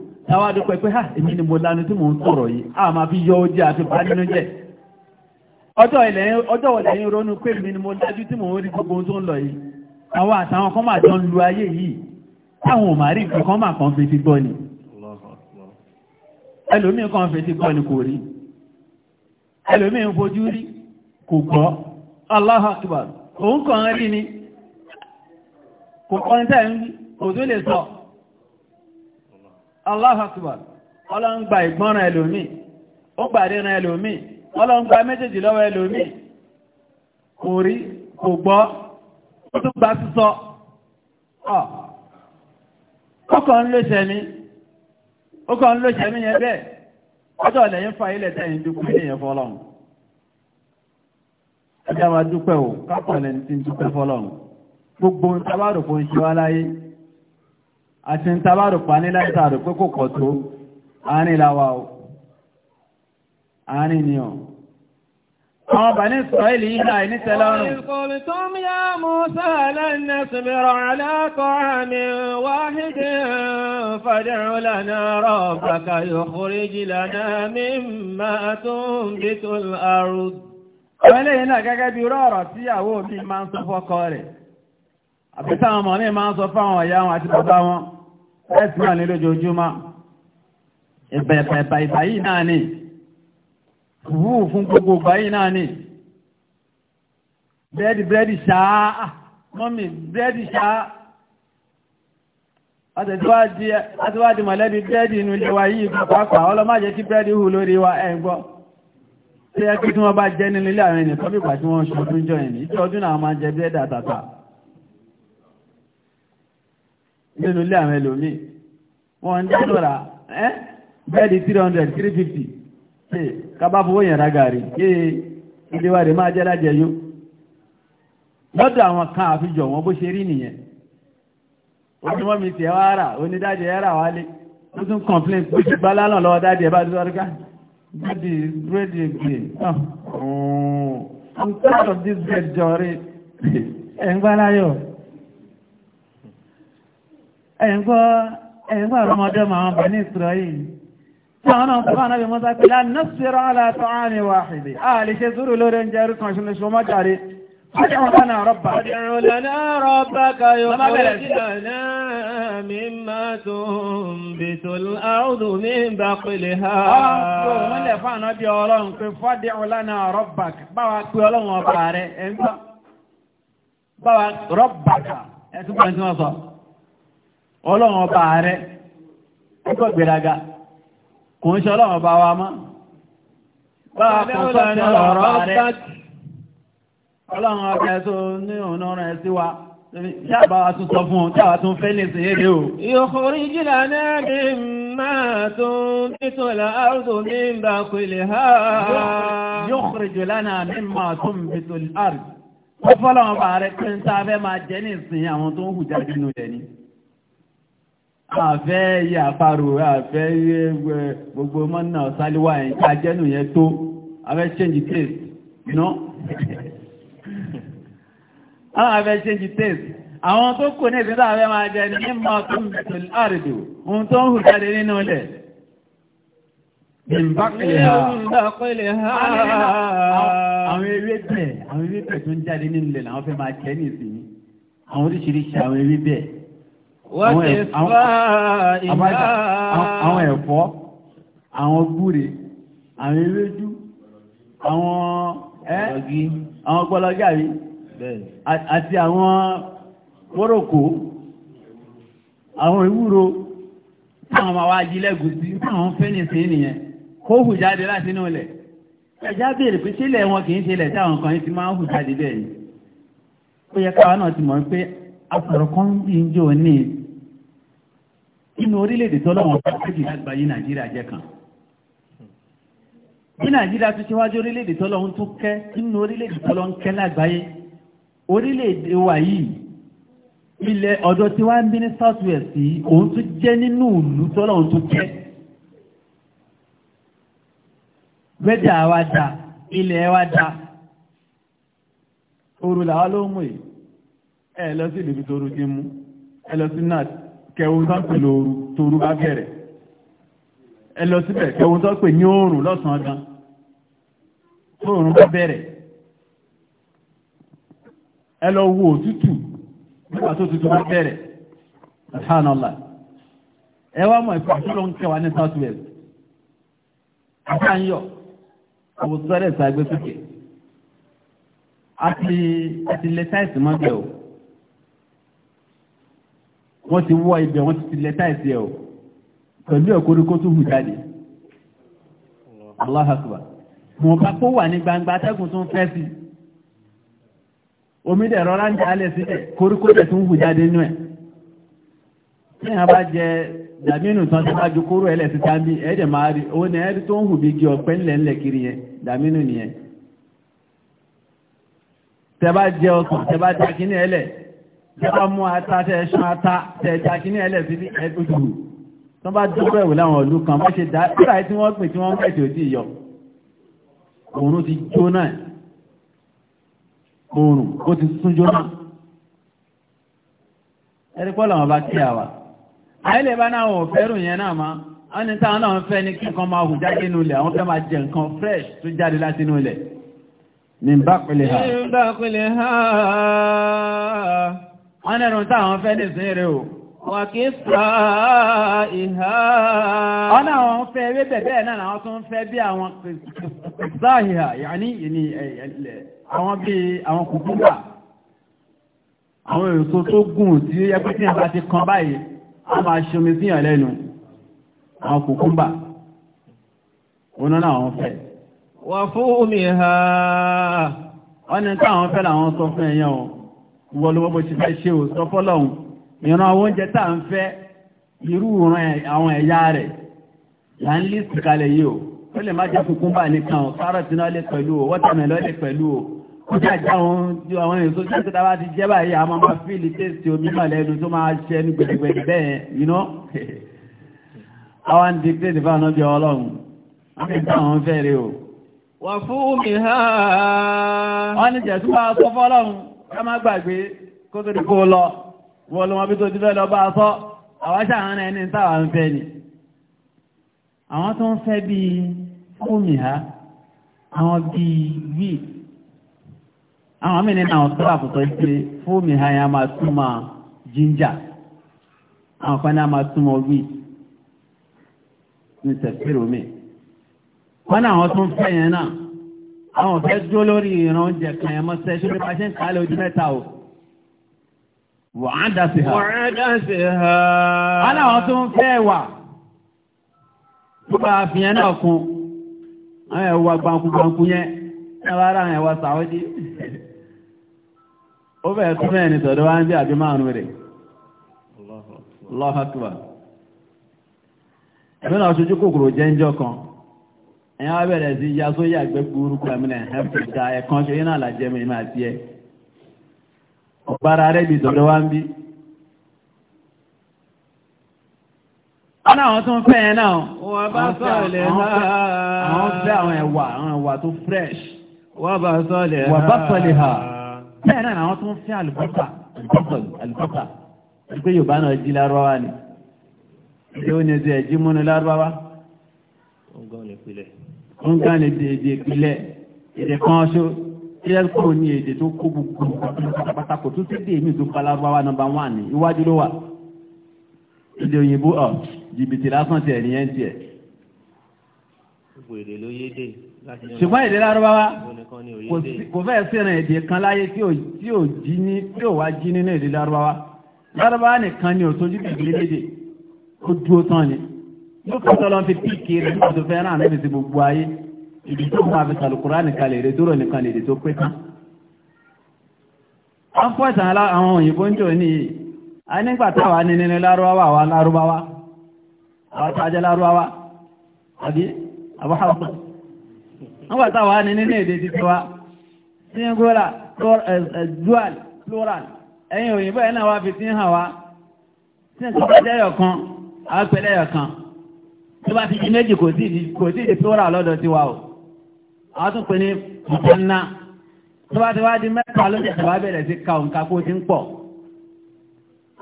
[SPEAKER 1] àwọn adúpẹ́ pé ha èmi ni mo lanu tí mo ń sọ̀rọ̀ a máa fi yọ ojú àti bá nínú jẹ́ ọjọ́ ọ̀lẹ̀ yìí ronú pé èmi ni mo dájú tí ń rí gbogbo tó ń lọ yìí àwọn kan máa ayé yìí táwọn ò máa rí máa kàn fi ti gbọ́ ni ẹlòmíì kan fi ti gbọ́ ni kò ni kò tẹ́ aláhàtùwà ọlọ́ngbà ìgbọ́nràn ẹlòmí ó elomi. ẹlòmí ọlọ́ngbà méjèèjì lọ́wọ́ ẹlòmí kò rí kò gbọ́ ó tún gba sísọ Ọ ọkọ̀ ń yẹn bẹ́ẹ̀ ọjọ́ fa ilẹ̀ tẹ́yìn dúkú wa dúpẹ́ àti ń tabárò pa ní láìsàrò pé kò kọ̀ tó àárín láwá o àárín ni ọ̀ àwọn bàní ìsọ̀ẹ́lì ìhà ní tẹ́lọ́rùn Ọlé iná gẹ́gẹ́ bí rọ́ọ̀rọ̀ tí ìyàwó mi máa ń sọ fọ́kọ rẹ̀ àbẹ́tà àwọn ọmọ náà máa ń sọ fáwọn ọ̀yá wọn àti bàbá wọn ẹ̀sì náà ní lójoojúmọ́ ìbẹ̀ẹ̀bẹ̀ẹ̀bà ìgbà yìí náà ni wú fún gbogbo ìgbà yìí náà ni bírẹ́dì bírẹ́dì ṣáá ah, mọ́mì bírẹ́dì ṣáá àtiwádìí mọ̀lẹ́bí bírẹ́dì inú ilé wa yìí pàápàá ọlọ́májẹ́ kí bírẹ́dì hù lórí wa ẹ̀ gbọ́ tí ẹ kí tí wọ́n bá jẹ́ nínú ilé àwọn ènìyàn tó bí pàtí wọ́n ṣọdún jọ ìní ìjọ ọdún náà máa jẹ bírẹ́dì àtàtà nínú ilé àwọn ẹlòmíì wọ́n ń dẹ́dọ̀rà ẹ́ bẹ́ẹ̀dì 300 350 ṣe kábàbọ̀ wọ́n yẹ̀rá gàrí ṣe ilé wa rẹ̀ máa jẹ́rá jẹyó lọ́dọ̀ àwọn kan àfijọ wọn bó ṣe rí nìyẹn ojúmọ́ mi tiẹ̀ wá rà onídàájẹ́ ẹ̀ rà wálé ó tún complain pé ṣe gbálá náà lọ́wọ́ dáadé ẹ̀ bá ti sọ́rí ká bírèdì bírèdì gbè I'm tired of this bread jọrí ẹ̀ ń gbáláyọ̀ ẹ̀yìngbọ́ ẹ̀yìngbọ́ ọmọdé ma wọn bẹ̀ ní Israel tí àwọn náà fún àwọn ọmọdé pẹ̀lú anásírọ̀ aláàtọ̀ àárín wàhìdì a lè ṣe zúrù lórí oúnjẹ orí kan ṣe lóṣù mọ́járe Ọjọ́ wọn lánàá rọ́bà. Ọjọ́ lánàá rọ́bà kayọ̀ ọ̀rẹ́dìlànà mímá ọlọ́run ọba rẹ̀ ẹkọ́ gbèrágà kò ń ṣe ọlọ́run ọba wa mọ́ bá kò sọ ní ọ̀rọ̀ rẹ̀ ọlọ́run ọba ẹ̀ tó ní òun ọ̀rọ̀ ẹ̀ sí wa tí a bá wa tún sọ fún un tí a wá tún fẹ́ ní ìsìn yéde o. ìyókùnrin jìnnà náà ní máa tún títún ilẹ̀ àrùtò ní ìgbà pèlè ha. yókùnrin jìnnà náà ní máa tún títún ilẹ̀ ó fọ́lọ́wọ́n bá rẹ̀ pé ń sáfẹ́ máa jẹ́ ní ìsìn àwọn tó ń hùjà nínú rẹ̀ ni àfẹ́ yẹ àparò àfẹ́ yẹ gbogbo mọ́nà ọ̀sáliwá ẹ̀ ká jẹ́nu yẹn tó àfẹ́ change taste you know àwọn àfẹ́ change taste àwọn tó kò ní ìpínlẹ̀ àfẹ́ máa jẹ ní mímọ́ tó ń bẹ̀tẹ̀ àrìdò ohun tó ń hù jáde nínú ilẹ̀ àwọn ewébẹ̀ tó ń jáde nínú ilẹ̀ làwọn fẹ́ máa jẹ ní ìsinmi àwọn oríṣiríṣi àwọn ewébẹ̀ àwọn ẹ̀fọ́ àwọn gúre àwọn ewédú àwọn ẹ́ àwọn gbọ́lọ́gàrí àti àwọn mọ́rọ̀kó àwọn ewúro táwọn ma wá jílẹ̀gùsí táwọn fẹ́nìsì nìyẹn kó hù jáde láti inú ilẹ̀ ẹjá bèèrè pé sílẹ̀ wọn kìí ṣe ilẹ̀ táwọn kan ti máa ń hù jáde bẹ́ẹ̀ ó yẹ káwa náà ti mọ̀ pé afọ̀rọ̀kọ́ ń bí ń jò ní nínú orílẹ̀-èdè tọ́lọ́wọ́n pàtàkì lágbàáyé nàìjíríà jẹ́ kan bí nàìjíríà tún ṣíwájú orílẹ̀-èdè tọ́lọ́wọ́n tún kẹ́ nínú orílẹ̀-èdè tọ́lọ́wọ́n kẹ́ lágbàáyé orílẹ̀-èdè wa yìí ilẹ̀ ọ̀dọ̀ tí wá ń bí ní south yìí kẹwọ́n tó ń pè lóru tóru bá bẹ̀rẹ̀ ẹ lọ síbẹ̀ kẹwọ́n tó ń pè ní oòrùn lọ́sàn-án gan oòrùn bá bẹ̀rẹ̀ ẹ lọ wo òtútù nígbà tó tutù bá bẹ̀rẹ̀ alhánàlá ẹ wá mọ̀ ìpàdé ló ń kẹwàá ní south west àtàyọ̀ àwòsọ́rẹ̀ ìsàgbésókè àti àti lẹ́sáìsì mọ́gbẹ̀ o wọ́n ti wọ́ ibẹ̀ wọ́n ti ti lẹ́tà ẹ̀sẹ̀ ọ̀ pẹ̀lú ẹ̀kọ́ríkó tó hù jáde Allahu Akbar mọ̀ bá kó wà ní gbangba atẹ́gùn tó ń fẹ́ sí omi dẹ̀ rọra ń jalè sílẹ̀ koríko dẹ̀ tó ń hù jáde nú ẹ̀ tí a bá jẹ dàmínú tán ti bá ju kóró ẹlẹ̀ sí tábí ẹ̀ẹ́dẹ̀ máa rí ó ní ẹ̀rí tó ń hù bí igi ọ̀pẹ ńlẹ̀ kiri yẹn dàmínú nìyẹn tẹ bá jẹ ọkàn tẹ bá jẹ akíní ẹlẹ̀ tẹ́bá mú ata tẹ́ẹ̀ṣán ata tẹ́ẹ̀jà kí ní ẹlẹ́bí ẹgbùdù tó bá dúpẹ́ ìwò láwọn ìlú kan mọ́ṣe dá ìrà tí wọ́n pè tí wọ́n mẹ́ṣe òdí ìyọ oòrùn ti jóná oòrùn ó ti sún jóná ẹ̀rí pọ́ làwọn bá kí àwà àìlè bá náà wọ̀n fẹ́rù yẹn náà má wọ́n ní táwọn náà ń fẹ́ ní kíkan máa hù jáde nínú ilẹ̀ àwọn fẹ́ máa jẹ nǹkan fresh tó jáde láti inú ilẹ̀ ní bákulẹ̀ ha wọ́n ní ẹ̀rùn táwọn fẹ́ nìsín rẹ̀ o. wà kí sá ìhà. wọ́n náà wọ́n fẹ́ ewé bẹ̀bẹ̀ náà àwọn tó ń fẹ́ bí àwọn záhìhà yàní ìní àwọn bíi àwọn kùkúmbà àwọn èso tó gùn tí ó yẹ tí àbá ti kan báyìí wọ́n máa ṣomi ha wọ́n ní táwọn fẹ́ wọ́n ló bó ṣe fẹ́ ṣe ò sọ fọ́lọ́hun ìran oúnjẹ tá ń fẹ́ irú ìran àwọn ẹ̀yà rẹ̀ là ń lísì kalẹ̀ yìí o ó lè má jẹ́ kùkúmbà nìkan kárọ̀tì náà lè pẹ̀lú o wọ́tàmẹ̀lọ́ pẹ̀lú o <laughs> wọ́n fi táwọn bá sọ fọ́lọ́run ká má gbàgbé kó tó di kó lọ wọ́n lọ́wọ́ bí tó ti fẹ́ lọ bá a sọ àwọn ṣàwọn ẹni táwa ń fẹ́ ni àwọn tó ń fẹ́ bíi fúnmìhá àwọn bíi wíì àwọn mìíràn náà sọ́ràpù tó ṣe fúnmìhá yẹn a máa túmọ̀ jíńjà àwọn kan náà máa túmọ̀ wíì ní tẹ̀síìrì omi wọ́n náà wọ́n tún fẹ́ yẹn náà àwọn ọ̀fẹ́ dúró lórí ìran oúnjẹ kan ẹ̀mọ́ sẹ́ ṣe pípa ṣe ń kàálẹ̀ ojú mẹ́ta o wàá dá sí ha wàá dá sí ha aláwọ̀ tó ń fẹ́ wà púpà àfihàn náà kun àwọn ẹ̀wà gbankugbanku yẹn ẹwà ara àwọn ẹ̀wà sàwọ́dí ó bẹ̀rẹ̀ tó mẹ́rin tọ̀dọ̀ wá ń bí àbí márùn rẹ̀ Allahu ẹ̀mí náà ṣojú kòkòrò jẹ́ kan ẹ̀yàn wá bẹ̀rẹ̀ sí ya sóyè àgbẹ̀ gbúrúkú àmìnà ẹ̀fẹ̀ta ẹ̀kan ṣe iná àlàjẹ́ mẹ́rin àti ẹ̀ ọ̀gbára rẹ̀ bí sọ̀rọ̀ wá ń bí ọ̀nà tún fẹ́ ẹ̀ náà wọ́n bá sọ̀lẹ̀ àwọn fẹ́ àwọn ẹ̀wà àwọn ẹ̀wà tó fresh wọ́n bá sọ̀lẹ̀ wọ́n bá sọ̀lẹ̀ ha bẹ́ẹ̀ náà àwọn tún fẹ́ àlùbọ́sà àlùbọ́sà pé Yorùbá náà jí ń gánà èdè ìpìlẹ̀ èdè kan ṣó ilẹ̀ kúrò ní èdè tó kó gbogbo pátákó tó ti dé èmi tó kalabawa nọ́mbà wán ní iwájú ló wà èdè òyìnbó ọ jìbìtì lásán tiẹ̀ nìyẹn tiẹ̀. ṣùgbọ́n èdè lárúbáwá kò fẹ́ sẹ́ran èdè kan láyé tí ò jí ní tí ò wá jí nínú èdè lárúbáwá lárúbáwá nìkan ni ò tójú bìbí lédè ó dúró tán ni ló fọ́tọ́ lọ fi píìkì rẹ̀ nígbà tó fẹ́ràn ànábì sí gbogbo ayé ìdí tó máa fi sàlùkùrá nìkan lè rè dúró nìkan lè rè tó pé tán. wọ́n fọ́ ìtàn àwọn òyìnbó ń jò ní a nígbà táwa ní nínú lárúbáwá àwa lárúbáwá àwa tájẹ́ lárúbáwá àbí àbúháwá nígbà táwa ní nínú èdè títí wa singular eh, eh, dual plural ẹ̀yin òyìnbó ẹ̀ náà wá fi sí hàn wá sí nǹkan ẹ̀yọ̀ kan àá pẹ̀lẹ́ ẹ̀yọ̀ kan tó bá ti jí méjì kò sí ìdí sóra lọ́dọ̀ ti wa o àwọn tún pè ní ìjẹ́nà tó bá ti wá di mẹ́ta ló jẹ̀ tàbá bẹ̀rẹ̀ sí ka òǹkà kó ti ń pọ̀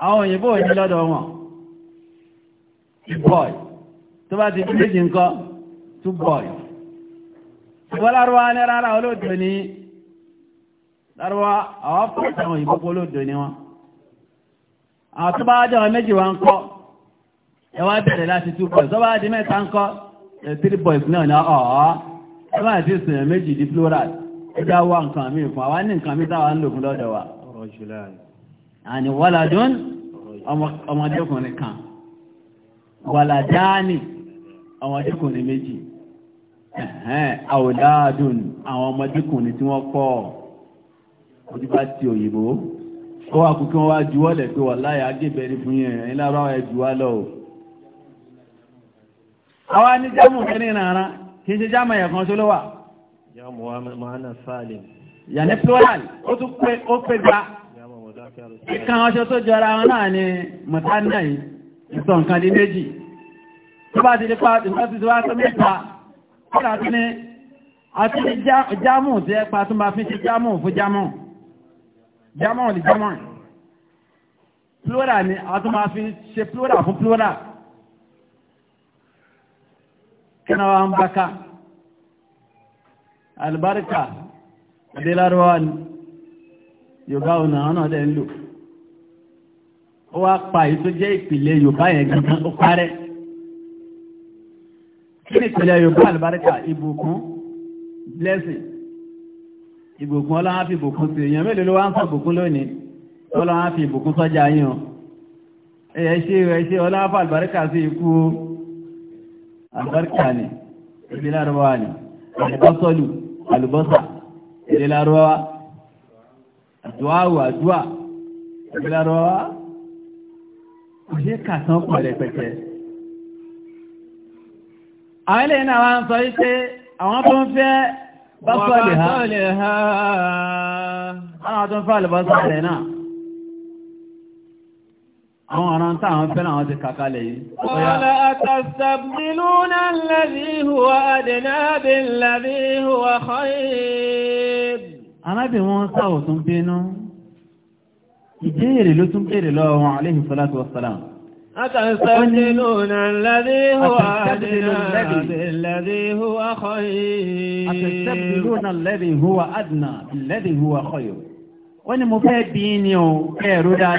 [SPEAKER 1] àwọn òyìnbó òní lọ́dọ̀ wọn boy tó bá ti jí méjì nǹkan two boy ṣùgbọ́n lárúwá ní rárá olóòdò ní lárúwá àwọn fún àwọn òyìnbó olóòdò ní wọn àwọn tó bá jẹ́ wọn méjì wọn kọ́ ẹ wá bẹ̀rẹ̀ láti two boys ọba di mẹ́ta ń kọ́ three boys náà ní ọ̀ọ́ ẹ máa ti sèyàn méjì di plural ẹ já wá nǹkan mi fún àwa ní nǹkan mi táwa ń lò fún lọ́dọ̀ wa àní wàládùn ọmọdékùnrin kan wàládáàní ọmọdékùnrin méjì àwòdáàdùn àwọn ọmọdékùnrin tí wọ́n pọ̀ ojú bá ti òyìnbó ó wà kú kí wọ́n wá juwọ́lẹ̀ pé wà láyà gébẹ̀rí fún yẹn ìlàbáwà ẹ̀jùwá lọ́wọ́ àwa ní jámù kí ní ìrànràn kì í ṣe jámù ẹ̀yà kan tó ló wà. jámù wa mọ́hánà sáàlìm. yàní plural ó tún pé ó pé gba. ìkan ọṣọ tó jọra wọn náà ni mọ̀tánà yìí ìsọ̀ nǹkan di méjì. tó bá ti di pa nǹkan ti wá tó mẹ́ta kí láti ní àti jámù tí ẹ pa tó máa fi ṣe jámù fún jámù. jámù ni jámù. plural ni a tún máa fi ṣe plural fún plural kana wa an baka albarka adélárọ́wà ni yorùbá ọ̀nà ọ̀nà ọ̀dẹ́ ń lò ó wá pa èyí tó jẹ́ ìpìlẹ̀ yorùbá yẹn gangan ó parẹ́ kí ni ìpìlẹ̀ yorùbá albarka ìbùkún blessing ìbùkún ọlọ́wọ́n fi ìbùkún sí èèyàn mélòó ló wá ń sọ ìbùkún lónìí ọlọ́wọ́n fi ìbùkún sọ́jà yín o ẹ̀yẹ́ ṣe ẹ̀ṣẹ́ ọlọ́wọ́n fa albarka sí ikú albarka ne ilé larabawa ne albasalu albasa ilé larabawa àdúwàwò àdúwà ilé larabawa kò ṣe kàtàn pẹ̀lẹ̀pẹ̀tẹ̀ àwọn ilé iná wa ń sọ wípé àwọn tó ń fẹ́
[SPEAKER 2] bá sọ́lẹ̀
[SPEAKER 1] ha àwọn tó ń fẹ́ albasa rẹ̀ náà àwọn aràn táwọn fẹ́ràn àwọn ti kàkálẹ̀ yìí. Wọ́lá àtàṣàbìlúnà lẹ́bí huwa àdínábì lẹ́bí huwa khair. Arábì wọn sáwọ̀ tún bínú. Ìbéèrè ló tún béèrè lọ́wọ́ wọn alayhi salatu wassalam. Àtàṣàbìlúnà lẹ́bí huwa àdínábì lẹ́bí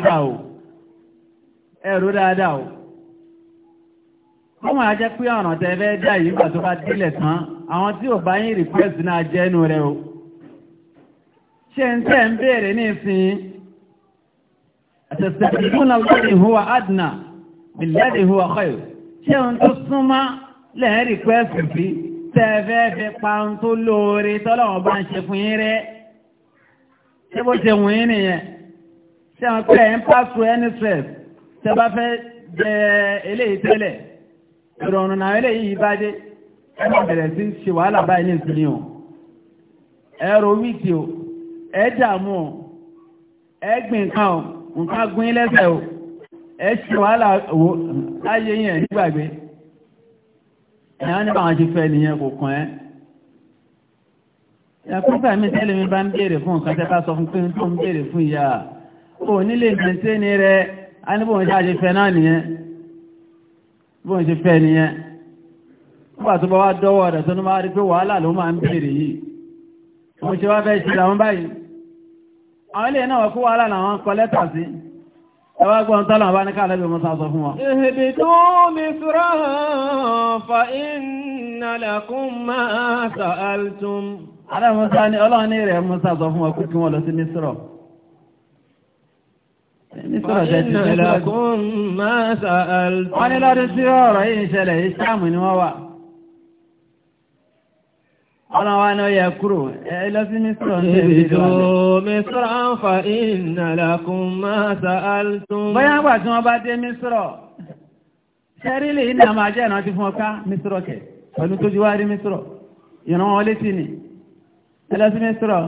[SPEAKER 1] huwa ẹ̀rú dáadáa o ọmọ ajẹ́ pé ọ̀nà tẹ́fẹ́ dá yìí gbà tó bá dílẹ̀ tán àwọn tí ò bá yín rìpẹ́sì náà jẹ́ inú rẹ o ṣe ń tẹ́ ń béèrè ní ìsìn àtẹ̀sẹ̀ ìfúnná lórí ìhùwà adìnà ìlẹ́dì ìhùwà kọ́yò ṣé ń tó súnmọ́ lẹ́yìn rìpẹ́sì sí tẹ́fẹ́ fi pa ń tó lóore tọ́lọ́wọ́n bá ń ṣe fún yín rẹ́ ṣé bó ṣe wù yín nìyẹn ṣé wọn pẹ́ ń pàṣẹ ẹni stress tẹba fẹ́ jẹ eléyìí tẹ́lẹ̀ ìrọ̀rùn náà eléyìí bá dé ẹmọ bẹ̀rẹ̀ sí ṣe wàhálà báyìí ní ìsinmi o ẹ̀rọ wíìtì o ẹ dààmú o ẹ gbìn nǹkan o nǹkan gún lẹ́sẹ̀ o ẹ ṣe wàhálà wo láyé yẹn nígbàgbé ẹ̀yán nípa àwọn ti fẹ́ nìyẹn kò kàn ẹ́ ẹ̀kúta mi tẹ́lẹ̀ mi bá ń béèrè fún nǹkan tẹ́ ká sọ fún pé tó ń béèrè fún ìyá ò nílé ìgbẹ́sẹ́ ni rẹ̀ a ní bóun ṣe àṣẹ fẹ́ náà nìyẹn bóun ṣe fẹ́ nìyẹn nígbà tó bá wá dọ́wọ́ rẹ̀ tó ní máa rí pé wàhálà ló máa ń bèèrè yìí mo ṣe wá fẹ́ ṣe làwọn báyìí àwọn ilé náà wọ́n kó wàhálà làwọn kọ lẹ́tà sí ẹwà gbọ́n tọ́lọ̀ Wọ́n ní lọ́dún sí ọ̀rọ̀ yìí ṣẹlẹ̀ ìsáàmù ni wọ́n wà. Ọ̀nà wa ni ó yẹ kúrò, ẹ lọ sí Mísírọ̀ ní ìrìnlẹ̀. Mísírọ̀ ń fa ìnàlàkùn máa sàáltún. Bọ́yá ń gbà tí wọ́n pẹ̀lú tó jíwá rí Mísírọ̀, ìran wọn létí ni. Ẹ Mísírọ̀.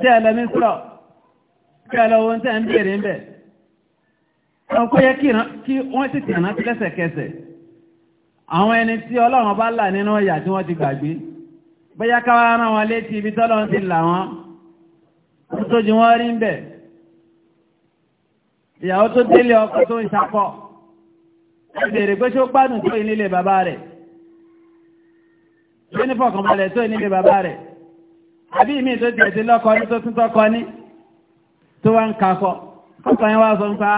[SPEAKER 1] Ṣé ẹ Mísírọ̀? kẹ́lọ ohun tẹ́ ń bèèrè ń bẹ̀. ọkọ̀ yẹ kí wọ́n ti tẹ̀nà lẹ́sẹ̀kẹsẹ̀ àwọn ẹni tí ọlọ́run bá là nínú ọ̀yà tí wọ́n ti gbàgbé bóyá káwá rán wọn létí ibi tọ́lọ́run ti là wọ́n ó tó ju wọ́n rí ń bẹ̀. ìyàwó tó délé ọkọ tó ń sapọ̀ bèèrè pé ṣó gbádùn tó ìnílé bàbá rẹ̀ ṣé ní fọkànbalẹ̀ tó ìnílé bàbá rẹ̀ àbí ìmí tó tiẹ̀ ti lọ́kọ ní tó tún tọ́kọ ní. tó wá ń kakọ yẹn wá sọ ń pa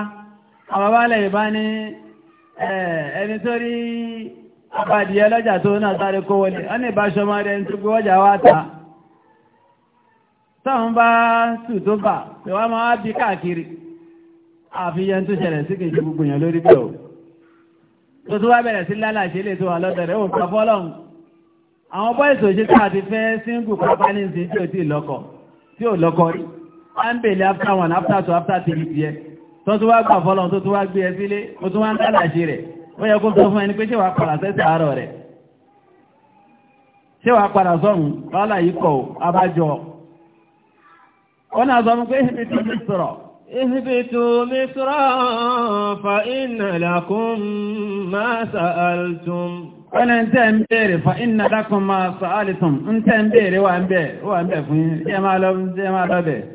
[SPEAKER 1] àbábálẹ̀ ìbá ní ẹni tó rí tó náà sáré kó wọlé ọ ní rẹ̀ ń ọjà wá ta táwọn bá sù tó bà tí wọ́n máa bí káàkiri àfihàn tó ṣẹlẹ̀ sí kìí gbogbo èèyàn lórí tó tó wá bẹ̀rẹ̀ sí lè tó wà lọ́dọ̀ rẹ̀ àwọn ti fẹ́ síngù pápá ní ìsìn wọ́n ń bèèrè after one after two after three tiẹ̀ tó tó wá gbà fọ́lọ́ tó tó wá gbé ẹ sílé ó tó wá ń dálàṣe rẹ̀ ó yẹ kó sọ fún ẹni pé ṣé wàá padà sẹ́sẹ̀ àárọ̀ rẹ̀ padà sọ́run pé ibi sọ̀rọ̀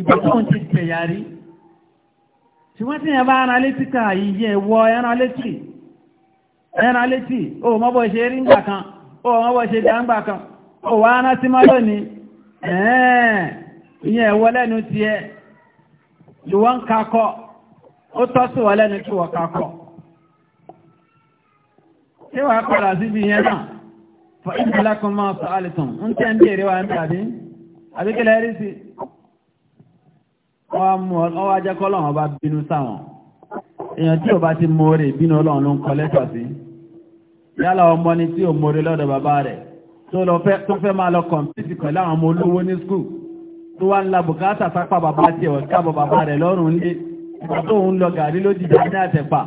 [SPEAKER 1] ìgbà tó ń ti tẹ̀yà rí ṣùgbọ́n tí yẹn bá ara létí ká ìyẹ wọ ẹran létí ẹran létí ó mọ́bọ̀ ṣe rí ńgbà kan ó mọ́bọ̀ ṣe dá ńgbà kan ó wá ara sí mọ́lò ní ẹ̀ẹ́n ìyẹn wọ lẹ́nu ti ẹ ìwọ́n kakọ ó tọ́ sí wọ lẹ́nu tí wọ́n kakọ ṣé wàá padà síbi yẹn náà fọ ìdílákùn máa sọ àlìtàn ń tẹ́ ń bèèrè wa ń tàbí àbíkẹ́lẹ́ rí sí wọ́n wá jẹ́ kọ́lọ̀wọ́n bá bínú sáwọn èèyàn tí ò bá ti mọ́rẹ̀ ìbínú ọlọ́run ló ń kọ lẹ́tọ̀ sí yálà ọmọ ni tí ò mọ́rẹ̀ lọ́dọ̀ bàbá rẹ̀ tó fẹ́ máa lọ kọ̀mpítì pẹ̀lú àwọn ọmọ olówó ní skul tó wá ń la bùkátà sápá bàbá tí ọ̀ kábọ̀ bàbá rẹ̀ lọ́rùn lé tó ń lọ gàrí lójijì ní àtẹ̀pà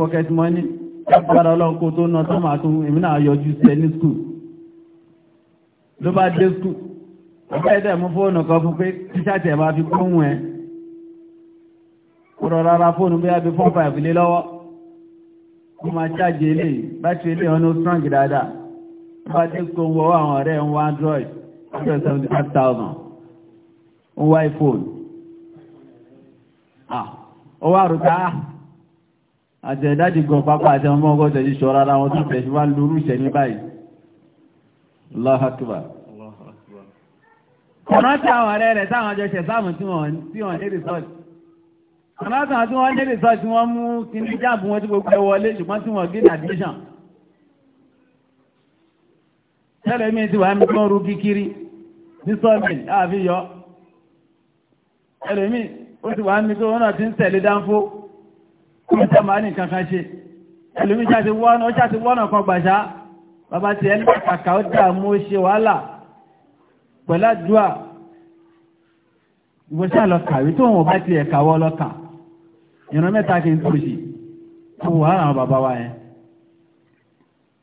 [SPEAKER 1] pocket money ẹ̀ gbára ọlọ́run kó tó ná tó máa tún èmi yọjú sí ní skul ló bá dé kú ọ̀pá ẹ̀dẹ̀ mú fóònù kan fún pé tíṣàtì ẹ̀ máa fi kún un ẹ̀ kúrọ̀ rárá fóònù bí abẹ́ fún fàìfì lé lọ́wọ́ kó máa ṣáàjì ilé bátìrì ilé ọ̀nà strong dáadáa ló bá dé kú owó àwọn ọ̀rẹ́ ń wá android hundred seventy five thousand ń wá iphone ó wá rúta ah, àti ẹ̀dá ti gàn pápá àti ọmọ ọgọ́jọ yìí ṣọ́ rárá wọn tún tẹ̀síwá lórú ìṣẹ́ ní báyìí Allahu akbar. Ọ̀nà tí àwọn ọ̀rẹ́ rẹ̀ táwọn àjọ ṣẹ̀sáàmù tí wọ́n tí wọ́n dé rìsọ́ọ̀tì. Ọ̀nà táwọn tí wọ́n dé rìsọ́ọ̀tì wọ́n mú kíní jáàbù wọn tí gbogbo ẹ wọlé ṣùgbọ́n tí wọ́n gé nàdíṣàn. Tẹ́lẹ̀ mi ti wà ní tó ń ru kíkiri ní sọ́ọ̀mì láàfi yọ. Tẹ́lẹ̀ mi ó ti wà ní tó wọ́n náà ti ń tẹ̀lé dánfó. Kúrò tẹ́ màá ní kankan ṣe. Tẹ́lẹ̀ mi ṣàti wọ́nà kan gbàṣá bàbá ti ẹni kàkà ó dààmú ó ṣe wàhálà pẹ̀lú àdúrà ìwọ́sà lọ́kà rí tó wọn bá ti ẹ̀ka wọ́ lọ́kà ìran mẹ́ta kì í tó sí fún wàhálà àwọn bàbá wa yẹn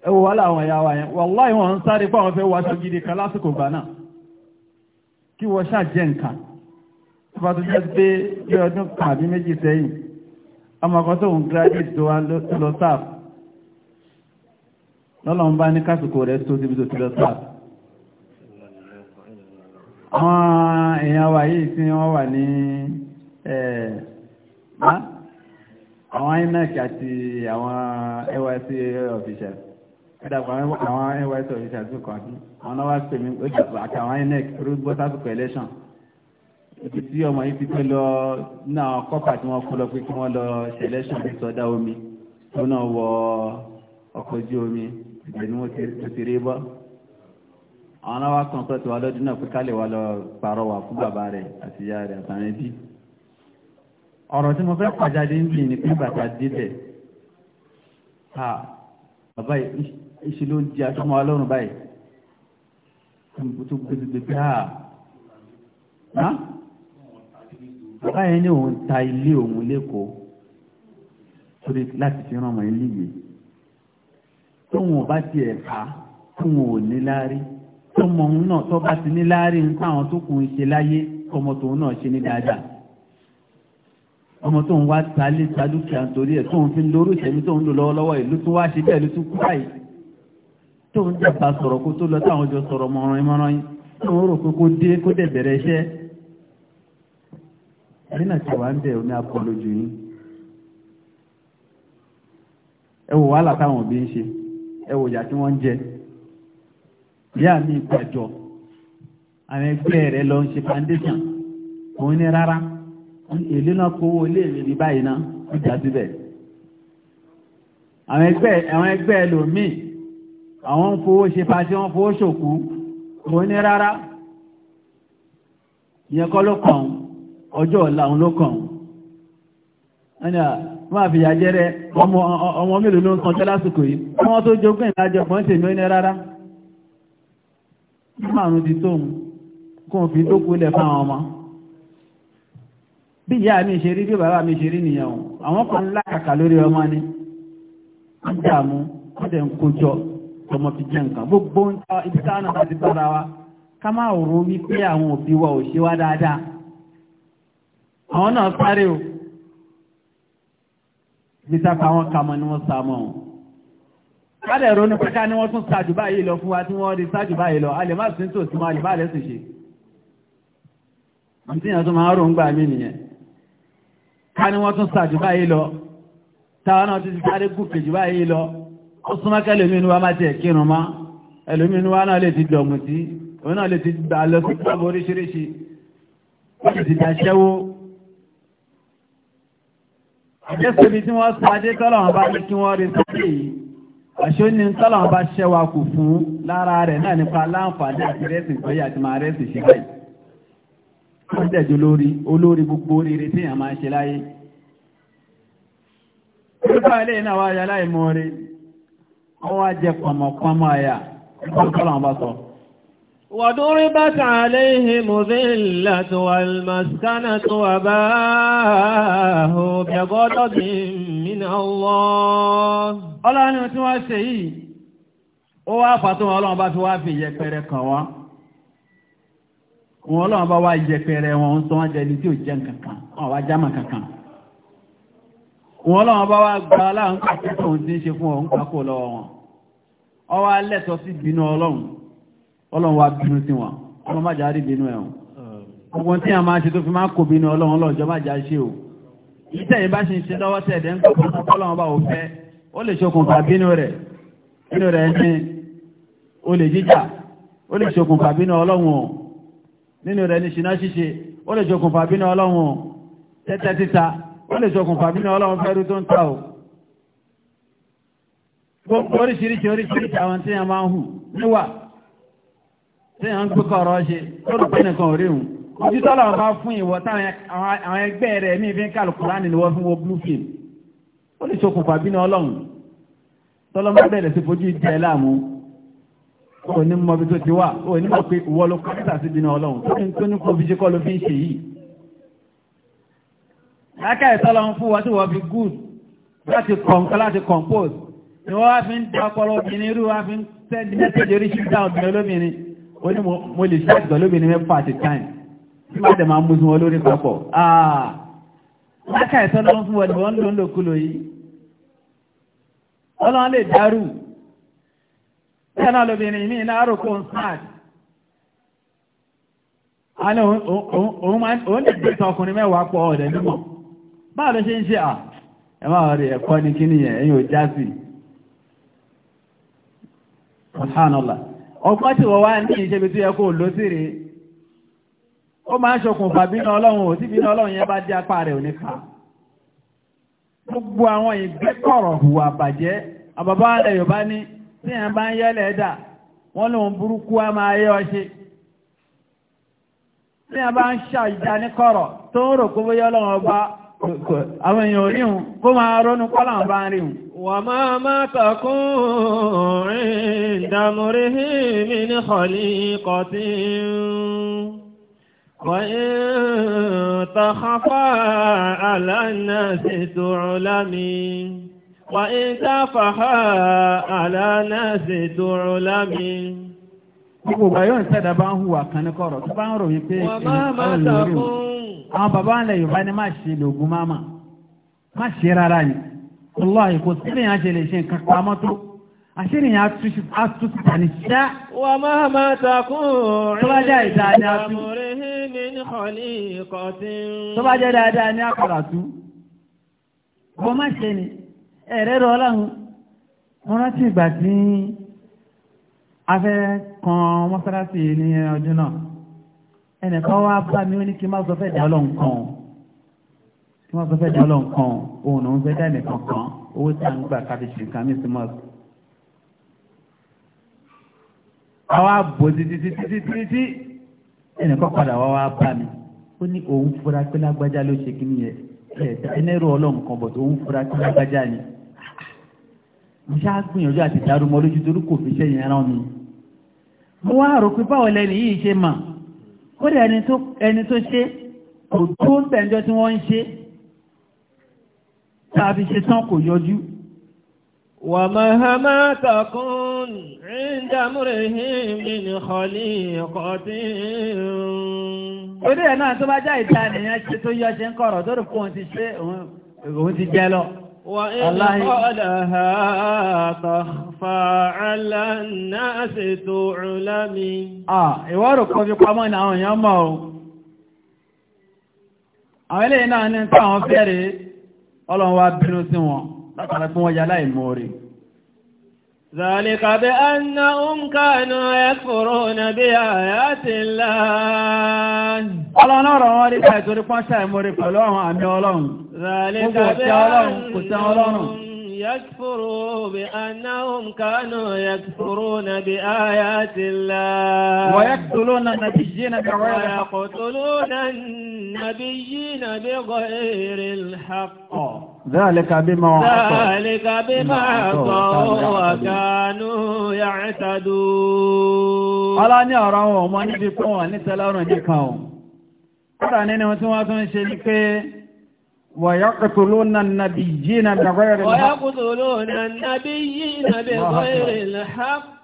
[SPEAKER 1] ẹ wò wàhálà àwọn ìyá wa yẹn wàláì wọn ń sáré fún àwọn fẹ́ wá sọ gidi kan lásìkò gbà náà kí wọ́n ṣàjẹ́ nǹkan tó bá tó jẹ́ pé bí ọdún kan àbí méjì sẹ́yìn ọmọkan tó ń gíráàdì tó wá lọ sáà lọ́lọ́n bá ní kásìkò rẹ̀ tó síbi tó ti lọ sáà àwọn èèyàn wà yìí tí wọ́n wà ní àwọn INEC àti àwọn NYSC official ẹ̀dàpọ̀ àwọn NYSC official tó kàn sí àwọn náà wá pè mí àti àwọn INEC rúgbọ́ sásìkò election ibi tí ọmọ yìí ti pẹ́ lọ náà kọ́pà tí wọ́n kó lọ pé kí wọ́n lọ ṣẹlẹ́ṣàn ní sọdá omi tó náà wọ ọkọ̀ ojú omi ìgbẹ̀ni wọ́n ti rí bọ́ àwọn aláwà kan pẹ́ tó wá lọ́dún náà pẹ́kálẹ̀ wá lọ pàrọwà fún bàbá rẹ̀ àti ìyá rẹ̀ àtàrin bí ọ̀rọ̀ tí mo fẹ́ pàjáde ń bì ní pé bàtà débẹ̀ ha bàbá ìṣe ló ń di atọ́mọ ọlọ́run báyìí tó gbẹgbẹgbẹ pé ha bàbá yẹn ní òun ta ilé òun lẹ́kọ̀ọ́ torí láti fi ràn mọ́ ilé yìí tóun ò bá tiẹ̀ ká tóun ò ní láárí tọmọ òun náà tó bá ti ní láárí ń táwọn tó kù ń ṣe láyé ọmọ tóun náà ṣe ní dáadáa ọmọ tóun wá ta lé ta dúkìá nítorí ẹ̀ tóun fi ń lóró ìṣẹ́mi tóun lò lọ́wọ́lọ́wọ́ ìlú tó wá ṣe bẹ́ẹ̀ ló tún kú báyìí tóun dàgbà sọ̀rọ̀ kó tó lọ táwọn jọ sọ̀rọ̀ mọ̀ràn ìmọ̀ràn yìí tóun rò pé kó dé kó dẹ̀ bẹ̀rẹ̀ iṣẹ́ nínà tí wàá ń bẹ̀ ní apọ̀ yín ẹ wò wàhálà táwọn òbí ń ṣe ẹwò ìyà tí wọ́n ń jẹ ìyá mi ìpẹ̀jọ àwọn ẹgbẹ́ rẹ̀ lọ ń ṣe foundation òun ní rárá èlé náà kówó ilé mi ní báyìí náà ó jà síbẹ̀ àwọn ẹgbẹ́ àwọn ẹgbẹ́ ẹlòmíì àwọn ń fowó ṣe pàṣẹ wọn fowó ṣòkú òun ní rárá ìyẹn kọ́ ló kàn ọjọ́ ọ̀la òun ló kàn ẹni máa fi yà jẹ́rẹ ọmọ mélòó ló ń sanjọ́ lásìkò yìí wọ́n tó jogún ìlàjọ kan tèmi ó ní rárá márùn ti tóun kó fi dókú ilẹ̀ fáwọn ọmọ bí ìyá mi ṣe rí bí bàbá mi ṣe rí nìyẹn àwọn kan lákàkà lórí ọmọ ni wọ́n dààmú wọ́n dẹ̀ ń kójọ tọmọ fi jẹ nǹkan gbogbo ibi táwọn náà ti bára wa ká máa rò wípé àwọn òbí wa ò ṣe wá dáadáa àwọn náà sáré o gbèsè àpàwọn kama ni wọ́n sá mọ́ ọ́n kálẹ̀ ronú pẹ́ká ni wọ́n tún sáàjù báyìí lọ fún wa tí wọ́n rí sáàjù báyìí lọ alẹ́ máa síntò sí máa lè bá lẹ́sìn ṣe àmìtíyàn tó máa rùn gbà mí nìyẹn ká ní wọ́n tún sáàjù báyìí lọ táwọn náà ti sáré kú kejì báyìí lọ ó súnmọ́ kẹlòmínú wa máa tiẹ̀ kírun mọ́ ẹlòmínú wa náà lè ti dọ̀mù sí òun náà lè ti gbà lọ sí pàbó oríṣiríṣi ó sì ti dàṣẹ́wó àjẹ́sẹ̀bí tí wọ́n sáadé tọ́lọ̀wọ́n bá ní kí wọ́n rí sókè yìí àṣó ní tọ́lọ̀wọ́n bá ṣẹwà kù fún lára rẹ̀ náà nípa láǹfààní àti rẹ́sì ìgbéyà àti máa rẹ́sì ṣe báyìí wọ́n dẹ̀jú lórí olórí gbogbo rere tí èèyàn máa ṣe láyé nípa ilé náà wáyà láì mọ́ rí wọ́n wá jẹ pọ̀mọ̀pọ̀mọ̀ àyà tọ́lọ̀wọ́n وضربت عليهم ذلة والمسكنة وباه بغضب من الله ọlọ́run bá wá fi yẹpẹrẹ wọn ọlọ́run ń wọ́n jẹ́ ní tí ò jẹ́ kankan jámà kankan ọlọ́run bá wá gba aláhùn kàkí tóun ń ṣe fún ọlọ́run wa bínú sí wọn ọlọ́run má jáde bínú ẹ̀ wọn gbogbo tí a máa ṣe tó fi máa kò bínú ọlọ́run ọlọ́jọ́ má já ṣe o ìtẹ̀ yìí bá ṣe ń ṣe lọ́wọ́ tẹ̀ ẹ̀dẹ́ ń tọ́ fún ọlọ́run bá ò fẹ́ ó lè ṣokùnfà bínú rẹ̀ bínú rẹ̀ ní ó lè jíjà ó lè ṣokùnfà bínú ọlọ́run o nínú rẹ̀ ní ṣìná ṣíṣe ó lè ṣokùnfà bínú ọlọ́run o tẹ́tẹ́ títa ó lè ṣokùnfà bínú ọlọ́run fẹ́rú tó ń ta o gbogbo oríṣiríṣi oríṣiríṣi àwọn tí a máa ń hù níwà tí a ń gbókọ̀ ọ̀rọ̀ ṣe lórí pẹ́nìkan oríhun ojú tọ́lọ̀ bá fún ìwọ táwọn àwọn ẹgbẹ́ rẹ̀ ní ìfẹ́ kàlùkùránì ni wọ́n fún wọ blue film ó lè ṣokùnfà bínú ọlọ́run tọ́lọ́ má bẹ̀rẹ̀ sí fojú ìjẹ́ láàmú kò ní mọ bí tó ti wà ó ní mọ̀ pé ìwọ ló kọ́ níta sí bínú ọlọ́run tó ní tó ní kó fi ṣe kọ́ ló fi ń ṣe yìí láká ìtọ́lọ́ ń fún wa tí wọ́n fi good láti kọ̀ǹkọ́ láti compose ni wọ́n wá fi ń dá ọpọlọ obìnrin irú wá fi ń sẹ́ndí mẹ́tẹ́jì oríṣiríṣi ó mo lè ṣáàtì pẹ̀lú obìnrin mẹ́fà àti time tí máa dẹ̀ mú wọn lórí papọ̀ àà ah! láká lọ́wọ́ fún wọn wọ́n ló ń lò na yìí lè dárú tẹ́nà lóbìnrin mí náà rò ń ah! sáàtì ọgbọ́n tí wọ́n wá ní ìṣẹ́bi tó yẹ kó ló sí rèé ó máa ń ṣokùnfà bínú ọlọ́run ò tí bínú ọlọ́run yẹn bá dé apá rẹ̀ ò ní ká gbogbo àwọn ìgbẹ́kọ̀rọ̀ hùwà bàjẹ́ àbàbá rẹ̀ yóò ní tí yẹn bá ń ọ ṣe tí yẹn bá ń ní kọ̀rọ̀ tó ń rò àwọn èèyàn rí hùn kó máa rọ́nù kọ́lá bá ń rí hùn wà máa máa tàkún rìn dàmúrí mi ní kọ̀lí kọ̀tí وإن تخفى على الناس تعلمي وإن تفحى على الناس تعلمي gbogbo ìgbà yóò tẹ́dà bá ń hùwà kan ní kọ̀rọ̀ tó bá ń ròyìn pé àwọn bàbá ńlẹ̀ yorùbá ni má ṣe lògùn máma má ṣe rárá ni ọlọ́ọ̀ ìkó sílẹ̀ yẹn ṣe lè ṣe nǹkan pamọ́ tó àṣírí yẹn atú síta ní ṣá. wà máa ma takùn rẹ̀ tó bá jẹ́ ìdáa ni atú. tó bá jẹ́ dáadáa ni akọ̀rọ̀ atú. bó má ṣe ni ẹ̀rẹ́ afẹ́ kan mọ́sálásí ní ọdún náà ẹnìkan wá bá mi ó ní kí má sọ fẹ́ dá ọlọ́nkan kí má sọ fẹ́ dá ọlọ́nkan òun òun fẹ́ dá ẹnìkan kan owó tí a ń gbà káfí ṣe kàmí sí mọ́ọ̀sì. àwa bò títí títí títí tí ẹnìkan padà wá wá bá mi ó ní òun fura pé lágbájá ló ṣe kí nìyẹn ẹnẹ́rù ọlọ́nkan bọ̀ tó ń fura pé lágbájá ni. mo ṣáà àti dàrú mọ́ kò fi ṣẹ́yìn ẹran mi mo wá rò pé báwo lẹni yìí ṣe mà ó rẹ̀ ẹni tó ṣe kò tó ń tẹ̀jọ́ tí wọ́n ń ṣe tàbí ṣe tán kò yọjú wà mahama takun ríndàmúrìhìn ní kọlí ọkọ̀tí orí ń kọ̀rọ̀ وإن قالها تخفى على الناس تعلمي آه ìwọ́rò kan fi pamọ́ ní àwọn èèyàn mọ̀ o àwọn eléyìí náà ní táwọn fẹ́rẹ̀ ọlọ́run wá ذلك بأنهم كانوا يكفرون بآيات الله Ọlọ́run ọ̀rọ̀ wọn rí báyìí torí pọ́nṣẹ́ ìmúrí pẹ̀lú àwọn àmì Ọlọ́run. ذلك بأنهم يكفروا بأنهم كانوا يكفرون بآيات الله ويقتلون النبيين بغير الحق ويقتلون النبيين بغير الحق ذلك بما ذلك بما عصوا وكانوا يعتدون ألا ní ọ̀rọ̀ wọn ọmọ níbi fún wọn ní tẹ́lọ́rùn ويقتلون النبيين بغير الحق ويقتلون النبيين بغير الحق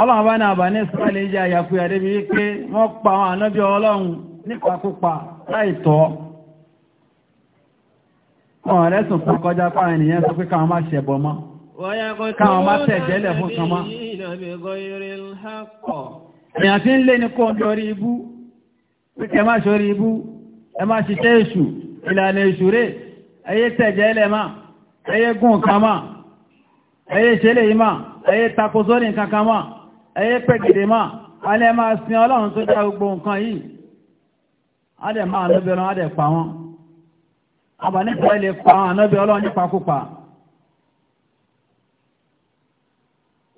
[SPEAKER 1] Ọlọ́run ní àbà ní ìjẹ́ àyàkú ẹ̀rẹ́ bí wípé wọ́n pa àwọn ànábí Ọlọ́run nípakúpa láìtọ́. Wọ́n rẹ̀ fún kọjá pa ènìyàn sọ pé káwọn má mọ́, káwọn má ìlànà ìṣúré ẹyẹ tẹ̀jẹ́ ẹlẹ́mà ẹyẹ gùn kama ẹyẹ ṣẹlẹ̀ yìí ma ẹyẹ takosórí nǹkan kama ẹyẹ pẹ̀gẹ̀dẹ̀ ma alẹ́ máa sin ọlọ́run tó dá gbogbo nǹkan yìí adẹ̀ máa lọ́bẹ̀rún adẹ̀ pa wọn àbà nípa ilẹ̀ pa wọn ànọ́bẹ̀ ọlọ́run nípakúpa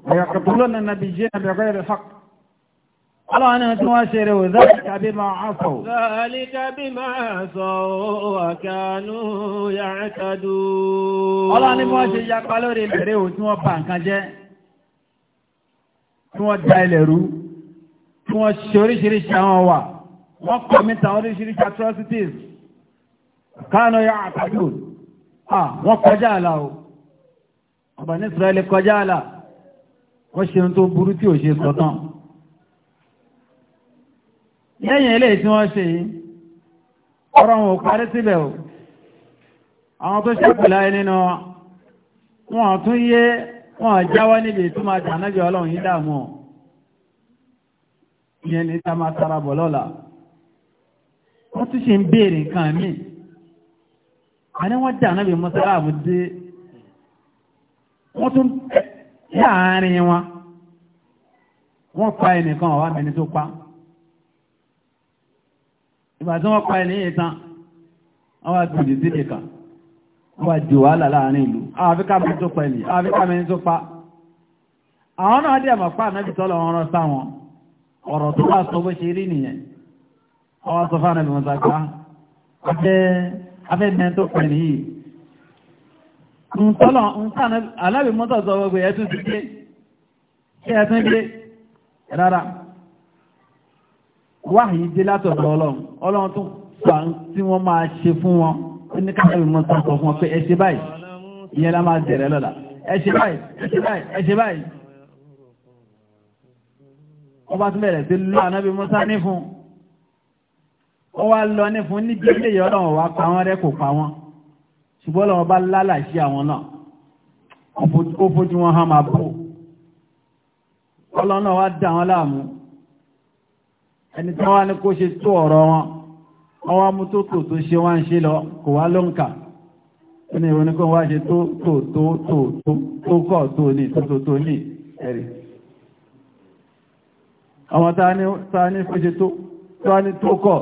[SPEAKER 1] ويقتلون النبيين بغير حق Aláwọn tí wọ́n ṣe rẹ̀ wò záàlìkà bí máa áfọ̀. Záàlìkà bí máa sọ àkànú yàtàdù. Aláwọn ni wọ́n ṣe yapa lórí ilẹ̀rẹ́ ò tí wọ́n pa nǹkan jẹ́, tí wọ́n da ilẹ̀ rú, tí wọ́n ṣe oríṣiríṣi kọjá àlà o. Ọba ní Ìsìrẹ́lì kọjá àlà. Wọ́n ṣe ohun tó burú tí ò ṣe sọ lẹ́yìn ilé tí wọ́n ṣe yìí ọ̀rọ̀ wọn parí síbẹ̀ o àwọn tó ṣẹ́kù láyé nínú wọn tún yé wọn jáwọ́ níbi tó máa jànájọ ọlọ́run yìí dààmú ìyẹn ní ta máa tara bọ̀ lọ́la wọ́n tún ṣe ń béèrè nǹkan mí àní wọ́n dà náà dé wọ́n tún láàárín wọn wọ́n pa ẹnìkan ọ̀wá mẹ́ni tó pa ìgbà tí wọ́n pa ẹni ìtàn wọ́n wá tùdì sí nìkan wọ́n wá jù wàhálà láàrin ìlú àfíkà mẹ́rin tó pa ẹni àfíkà mẹ́rin tó pa àwọn náà dẹ̀ mọ̀ pa ànábì tọ́lọ wọn rán sáwọn ọ̀rọ̀ tó wà sọ bó ṣe rí nìyẹn ọwọ́ sọ fáànà bí wọ́n sá ká afẹ́ ntọ́lọ̀ alábìmọ́tọ̀ sọ gbogbo ẹ̀ tún ti dé ṣé ẹ tún dé rárá wáyìí dé látọ̀dọ̀ ọlọ́run ọlọ́run tún fà ń tí wọ́n máa ṣe fún wọn ní káàkiri mọ́ sọ fún wọn pé ẹ ṣe báyìí ìyẹn lá máa dẹ̀rẹ̀ lọ́la ẹ ṣe báyìí ẹ ṣe báyìí ẹ ṣe báyìí wọ́n bá tún bẹ̀rẹ̀ sí lọ ànábì Mùsá ní fún ó wá lọ ní fún níbi ilé ìyá ọlọ́run wá pa wọ́n rẹ́ kò pa wọ́n ṣùgbọ́n lọ́wọ́ bá lálàṣí àwọn náà ó fojú wọn hàn máa bò ọlọ́run náà wá dá wọn láàmú ẹni tí wọ́n ní kó ṣe tó ọ̀rọ̀ wọn ọwọ́ mú tó ṣe wá ń ṣe lọ kò wá ló ń kà ẹni ìwọ ní kó wá ṣe tó tó tó tó tó kọ̀ tó ní tó tó ní ẹ̀rì àwọn táa ní ṣe tó tó ní tó kọ̀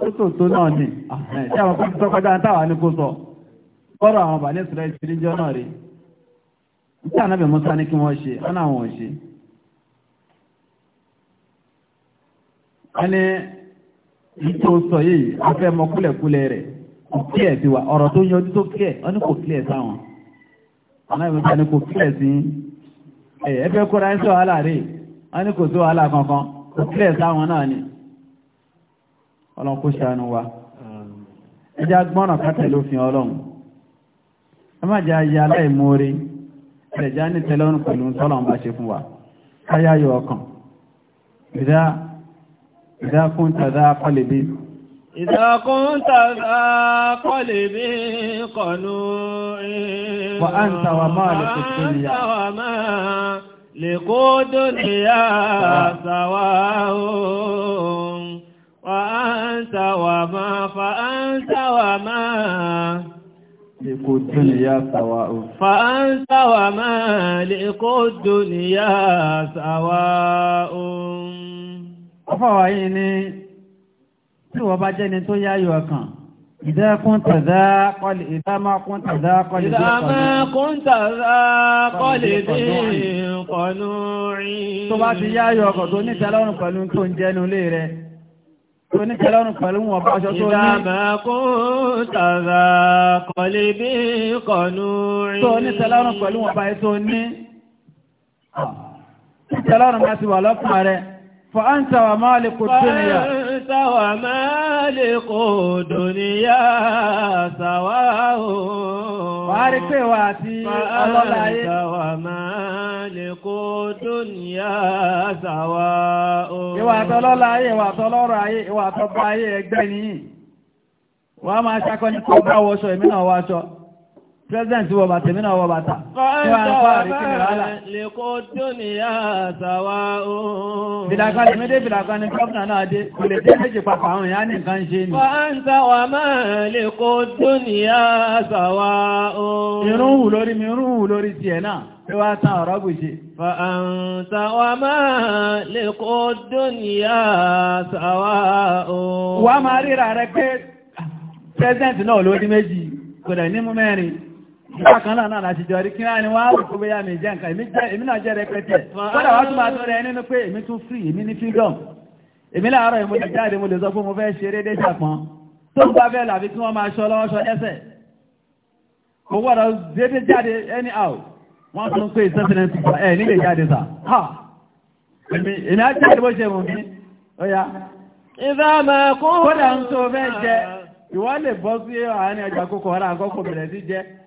[SPEAKER 1] tó tó tó náà ní ṣe àwọn kó sọ kọjá táwà ní kó sọ àwọn bà ní ìsìlẹ̀ ìsìlẹ̀ ìjọ náà rí ní àwọn òṣèlú ẹni ìtò sọ yìí afẹ́ mọ kúlẹ̀kúlẹ̀ rẹ̀ kò kílẹ̀ sí wa ọ̀rọ̀ tó yọjú tó kílẹ̀ ọ ní kò kílẹ̀ sáwọn ọ̀nà ìwé ta ni kò kílẹ̀ sí ẹ fẹ́ kóra ẹ sí wàhálà rè ọ ní kò sí wàhálà kankan kò kílẹ̀ sáwọn náà ni ọlọ́run kó ṣàánú wa ẹjá gbọ́nà kátẹ̀ lófin ọlọ́run ẹ má jẹ́ ayé aláìmoore ẹ̀já ní tẹ́lọ́rùn pẹ̀lú tọ́lọ́run إذا كنت ذا قلبي إذا كنت ذا قلبي قنوع وأنت ومالك الدنيا وأنت وما لقود الدنيا سواء وأنت وما فأنت وما لقود الدنيا سواء فأنت وما لقود الدنيا سواء ọfọwà yìí ni tí wọ́n bá jẹ́ni tó yáyọ ọkàn ìdá kún tàdá kọlì ìdá máa kún tàdá kọlì ìdá máa kún tàdá kọlì ìkọlù rí. tó bá ti yáyọ ọkàn tó nítẹ́lọ́rùn pẹ̀lú tó ń jẹ́nu lé rẹ̀ tó nítẹ́lọ́rùn pẹ̀lú wọn bá aṣọ tó ní. ìdá máa kún tàdá kọlì ìkọlù rí. tó nítẹ́lọ́rùn pẹ̀lú wọn bá aṣọ tó ní. nítẹ́lọ́rùn bá ti wà lọ́kàn rẹ̀. فأنت ومالك الدنيا فأنت ومالك الدنيا سواه فأنت ومالك الدنيا سواه ìwà àtọlọ́lá ayé ìwà àtọlọ́rọ̀ ayé ìwà àtọba ayé ẹgbẹ́ ni wọ́n máa ṣakọ́ ní kọ́ bá wọ́ṣọ́ ìmìnà wáṣọ́ President wọ bàtà, mínà wọ bàtà. Bìdàkálẹ̀ méjì bìdàkálẹ̀ ní gọ́ọ̀nà náà dé, kò lè dé méjì papà àwọn ìyá ní nǹkan ṣe ni. Fáńtà wà máa lè kó dúnìyà sàwà ooo. Irun hù lórí mi, irun hù lórí ti ẹ̀ náà, tí wá tán ọ̀rọ̀ bù ṣe. Fáńtà wà máa lè kó dúnìyà sàwà ooo. Wà máa ríra rẹ pé President náà ló ní méjì, kò dẹ̀ ní mú mẹ́rin. Ìgbàkan náà láti jọ rí kí ni wọ́n á rò kó bóyá mi jẹ́ nǹkan, èmi náà jẹ́ rẹpẹtẹ. Kọ́dà wá tún máa tó rẹ nínú pé èmi tún free, èmi ní freedom. Èmi láàárọ̀ yìí mo lè jáde, mo lè sọ pé mo fẹ́ ṣeré dé ṣàpọ́n. Tó ń bá bẹ́ẹ̀ làbí kí wọ́n máa ṣọ lọ́wọ́ ṣọ lẹ́sẹ̀. Mo gbọ́dọ̀ dédé jáde anyhow. Wọ́n tún pé ìsẹ́sìnẹ́ ti sọ ẹ̀ nílé jáde sà. Èmi á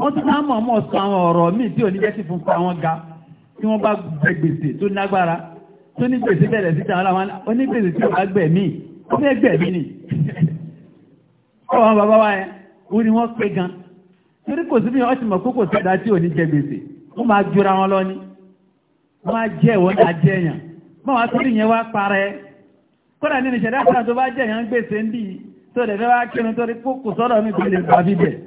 [SPEAKER 1] wọ́n tún náà mọ̀ọ́mọ̀ sọ àwọn ọ̀rọ̀ míì tí ò ní jẹ́ kí fún àwọn ga tí wọ́n bá gbẹ gbèsè tó lágbára tó ní gbèsè bẹ̀rẹ̀ síta ara wọn oní gbèsè tí wọ́n gbẹ̀ mí ó fẹ́ gbẹ̀ mí ni <laughs> ọwọ́n bàbá wa yẹn wọ́n ni wọ́n pé gan torí kò sí bí wọ́n ti mọ̀ kókò sọ̀dá tí ò ní jẹ gbèsè wọ́n máa jura wọn lọ ni wọ́n máa jẹ́ ìwọ́n náà jẹ́ èèyàn bọ́n wá tó yẹn wá parẹ́ kódà nínú ìṣẹ̀dá kan tó bá jẹ́ èèyàn gbèsè ń bì tó lè fẹ́ wá kírun torí kókò sọ̀rọ̀ mi kò lè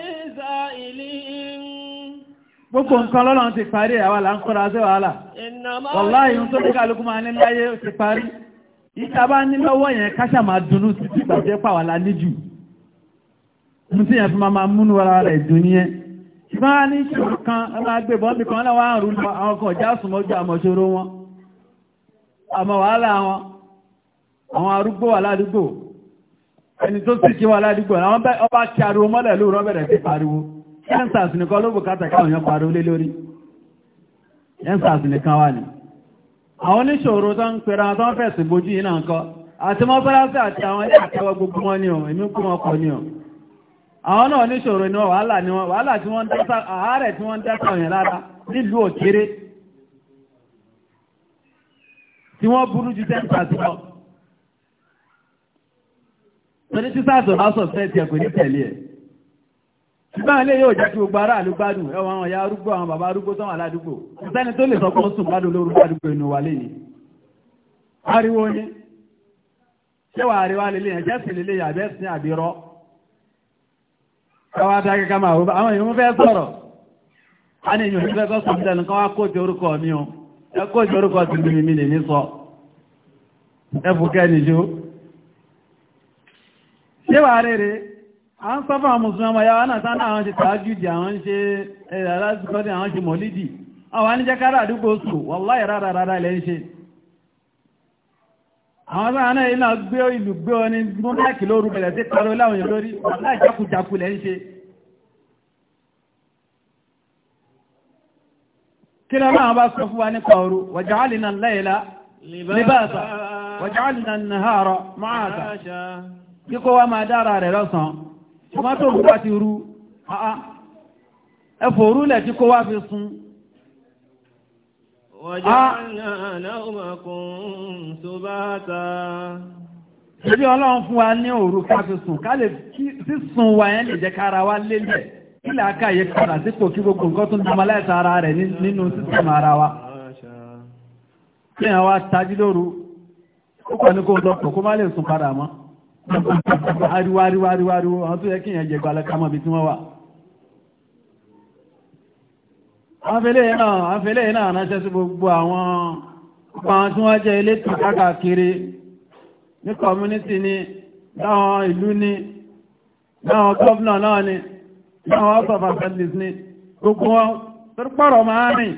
[SPEAKER 1] Gbogbo nǹkan lọ́lọ́run ti parí àwa là ń kọ́ra sí wàhálà. Wàláhì ń tó ní kálukú máa ní láyé ó ti parí. Ìta bá ní lọ́wọ́ yẹn káṣà máa dunú sí ti ìgbàjẹ́ pàwà lálé jù. Mú sí yẹn fi máa múnú ara rẹ̀ dùn yẹn. Máa ní ṣùgbọ́n kan, ọmọ agbébọn bí kan lọ́wọ́ àrùn lọ, ẹ́nsàsì nìkan ló bùkátà káwọn yẹn parí olé lórí ẹ́nsàsì nìkan wà ní àwọn oníṣòro tó ń pèrà tó ń fẹ̀sì bójú yìí náà kọ́ àti mọ́sálásí àti àwọn ilé gbogbo wọn ni ọ̀hún èmi kú wọn kọ ni ọ̀hún àwọn náà oníṣòro ni ni wọn wàhálà tí wọ́n dẹ́sà àárẹ̀ tí wọ́n dẹ́sà yẹn lára nílùú òkèrè tí wọ́n burú ju ẹ́nsàsì lọ ṣùgbọ́n ilé yóò jẹ́ kí gbogbo ará àlú gbádùn ẹwà àwọn ọ̀yá arúgbó àwọn bàbá arúgbó tán wà ládùúgbò ìsẹ́ni tó lè sọ pọ́ sùn gbádùn lórí ládùúgbò inú wà lè ní ariwo ní ṣẹ́wà àríwá lè lè jẹ́ sí lè yàbẹ́ sí àbírọ́ ẹwà dákẹ́ ká máa mi o ẹ kóòtù orúkọ ti bí mi lè a ń sọ́fà musulman ọmọ yàwó náà sáà àwọn ṣe tààjúdì àwọn ṣe ẹ̀rẹ́sìkọ́dì àwọn ṣe mọ̀lídì àwọn ní jẹ́kára àdúgbò sù wọ́láyẹ̀ rárá rárá ilẹ̀ ń ṣe àwọn sáà náà iná gbé ìlú gbé ọ ní mọ́láìkì lóru bẹ̀rẹ̀ sí kọlu láwọn èèyàn lórí wọ́láìjákujàku lẹ́ ń ṣe kí wa nípa dára rẹ̀ lọ́sàn tomato ń bá ti ru ah, ah. ẹ̀fọ́ orúlẹ̀ tí kó wá fi sun. waja'alna nawmakum subata. Ṣébí ọlọ́run fún wa ní òru ká fi sùn, ká lè sísun wa yẹn lè jẹ́ kára wa lélẹ̀. Kílẹ̀ aká yẹ padà sípò kí gbogbo nǹkan tún dámọ́ láìsá ara rẹ̀ nínú sísun ara wa. Kíyàn wa tají lóru, ó kọ̀ ní kó lọ́pọ̀ kó má lè sùn padà mọ́ ariwo ariwo ariwo ariwo àwọn tó yẹ kí èèyàn jẹgbà lẹ́ka mọ́ ibi tí wọ́n wà afẹ́lẹ́ náà afẹ́lẹ́ náà ránṣẹ́ sí gbogbo àwọn pàwọn tí wọ́n jẹ́ ilé tó kákàkiri ní kọmúnítì ni láwọn ìlú ni láwọn gọ́ọ̀nà náà ni láwọn house of assemblies ni gbogbo wọn tó pọ̀rọ̀ máa rìn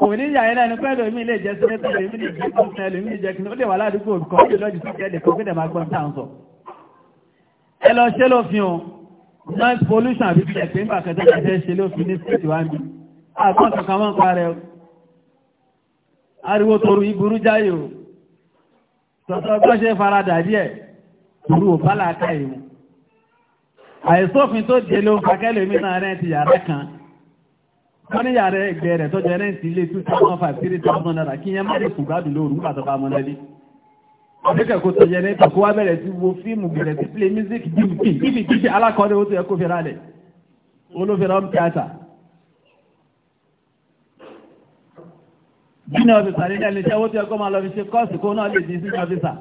[SPEAKER 1] òun ní ìyà ẹlẹ́ni pẹ́lú omi ilé jẹ́ sílẹ̀ pẹ̀lú omi ìjẹ́ kọ́sẹ̀ lómi ìjẹ́ kí ó lè wà ládùúgbò olùkọ́ ó lè lọ́jù sí ẹ̀lẹ̀ kó gbẹ̀dẹ̀ máa gbọ́n táà ń sọ. ẹ lọ ṣe lófin o noise pollution àbí ti ẹ̀pẹ́ nígbà kẹta ti fẹ́ ṣe lófin ní state wa mi àgbọn kankan máa ń parẹ́ o ariwo toru iburu jáyé o tọ́tọ́ gbọ́n ṣe faradà díẹ̀ toru ò bá làákà ìwò àìsófin tó dé ló ń fakẹ́ lómi náà rẹ̀ ti yàrá kan wọ́n ní yàrá ẹgbẹ́ rẹ̀ tó jẹ́ rẹ́ǹtì ilé 2,500 naira kí yẹn má lè kù gbádùn lóòrùn pàtàkà mọ́lẹ́lé ọ̀dẹ́kẹ̀ kò tọ̀jẹ̀ ní ìtàkó wá bẹ̀rẹ̀ sí wo fíìmù bẹ̀rẹ̀ sí play music dìbìkì dìbìkì alákọ̀ọ́dẹ́ ó tó yẹ kó fẹ́ra rẹ̀ olófẹ́ra ọmọ tíátà junior officer ní ẹni iṣẹ́ owó tó yẹ kó máa lọ fi ṣe kọ́ọ̀sì kó náà lè di senior officer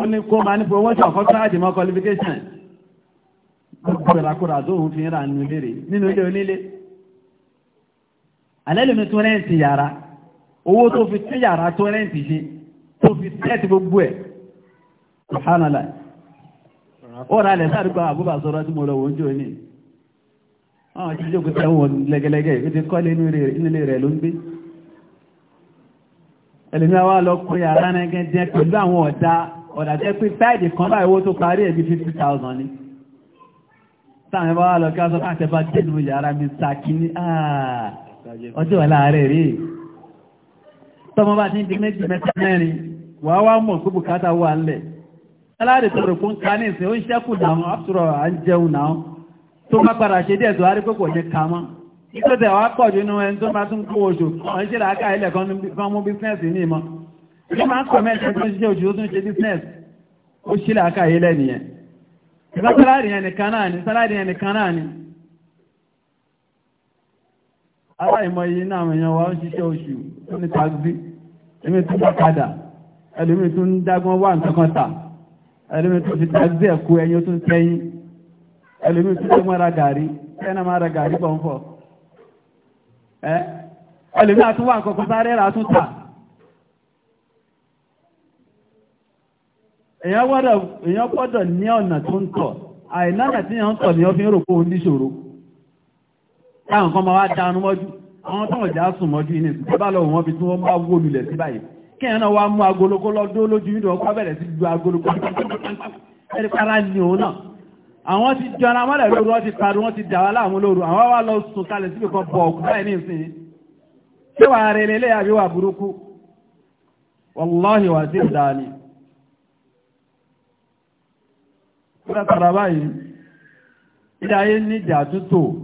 [SPEAKER 1] ó ní kó máa ní promotion contract mọ́ qualification gbogbo ìràkúrà tó ń fi ń ra nínú ilé àlẹ́lùmí tó rẹ́ǹtì yàrá owó tó fi tún yàrá tó rẹ́ǹtì ṣe tó fi tẹ́ẹ̀tì gbogbo ẹ̀ ṣùhánàlá ó rà lẹ̀ sáàrùgbà àbúbà sọ́rọ̀ tí mo lọ wọ́n jò ní àwọn tí jókòó tẹ́ wọn lẹ́gẹ́lẹ́gẹ́ ìfẹ́ kọ́lé nílé rẹ̀ ló ń gbé ẹlẹ́mí àwọn lọ́kùn yàrá nẹ́gẹ́ jẹ́ pẹ̀lú àwọn ọ̀dá ọ̀dà jẹ́ pé táìdì kan bá owó tó parí ẹ̀bí 50,000 ní sáàmì bá wà lọ kí wọ́n sọ fún àtẹ́fà jẹ́ ìlú yàrá mi sàkíní àà ah ọjọ́ wà láàárẹ̀ rí tọmọ bá ti ń di méjì mẹ́ta mẹ́rin wà wá mọ̀ gbogbo káta wà lẹ̀ aláàrẹ̀ tó rò fún kaní ìsìn ó ń ṣẹ́kù náà àtúrọ̀ à ń jẹun náà tó má padà ṣe díẹ̀ tó wá rí pẹ́pọ̀ jẹ ká mọ́ ìtọ́tẹ̀ wá pọ̀ jù nínú ẹni tó máa tún kó oṣù ọ̀n ṣe làákà ilẹ̀ kan mú bísínẹ́sì ní ìmọ̀ ìjọ máa ń pọ̀ mẹ́ta tó ń ṣe oṣù tó ń ṣe bísínẹ́sì ó ṣe làákà ilẹ̀ nìyẹn ìbá sáláàrì yẹn nìkan náà ni aláìmọ̀ iye náà àwọn èèyàn wa ń ṣiṣẹ́ oṣù tó ní taxi ẹ̀mí tó bá padà ẹlòmí tó ń dágbọ́n wà nǹkan tà ẹlòmí tó fi taxi ẹ̀kú ẹyin tó ń tẹ́yìn ẹlòmí tó tó mọ́ra gàrí ẹ̀nà máa ra gàrí bọ̀ ń fọ̀ ẹlòmí àtúwà nǹkan sáré rà tún tà èèyàn gbọ́dọ̀ ní ọ̀nà tó ń tọ̀ àìlànà tí èèyàn ń tọ̀ ni ó táwọn kan máa wá dánú mọ́jú àwọn tó ọ̀já sùn mọ́jú inú ìsìnkú bá lọ́wọ́ wọn bí tí wọ́n bá wó lulẹ̀ sí báyìí kí ẹ̀nà wá mú agolokó lọ́dọ́ lójú nínú ọkọ̀ bẹ̀rẹ̀ sí ju agolokó ẹni para ní òun náà àwọn ti jọra mọ́lẹ̀ lóru wọ́n ti parí wọ́n ti dà wá láàmú lóru àwọn wá lọ sùn kalẹ̀ síbi kan bọ̀ ọ̀kú báyìí nísìn ṣé wàá rẹ lélẹ̀ àbí wà burúkú wàláhì wà sí ìdáni. Kúrẹ́tàrà báyìí, ilé ayé níjà tútò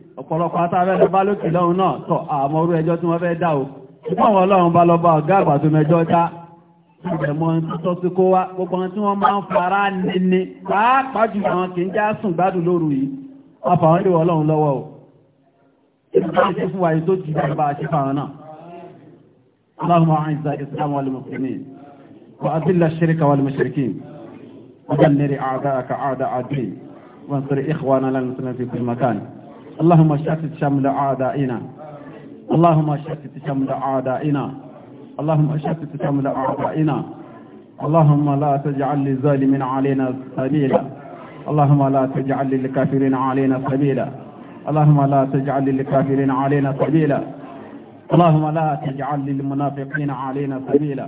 [SPEAKER 1] ọ̀pọ̀lọpọ̀ atáfẹ́fẹ́ bá lókè lọ́hun náà tọ́ àmọ́ orú ẹjọ́ tí wọ́n fẹ́ dá o ṣùgbọ́n wọn lọ́hun bá lọ bá ọ̀gá àgbà tó mẹjọ já ìgbẹ̀mọ́ títọ́ sí kó wá gbogbo tí wọ́n máa ń fara nínú pàápàá jù àwọn kì í já sùn gbádùn lóru yìí afàwọn lè wọ́ lọ́hun lọ́wọ́ وانصر إخواننا المسلمين في كل مكان اللهم شتت شمل أعدائنا اللهم شتت شمل أعدائنا اللهم شتت شمل أعدائنا اللهم لا تجعل للظالمين علينا سبيلا اللهم لا تجعل للكافرين علينا سبيلا اللهم لا تجعل للكافرين علينا سبيلا اللهم لا تجعل للمنافقين علينا سبيلا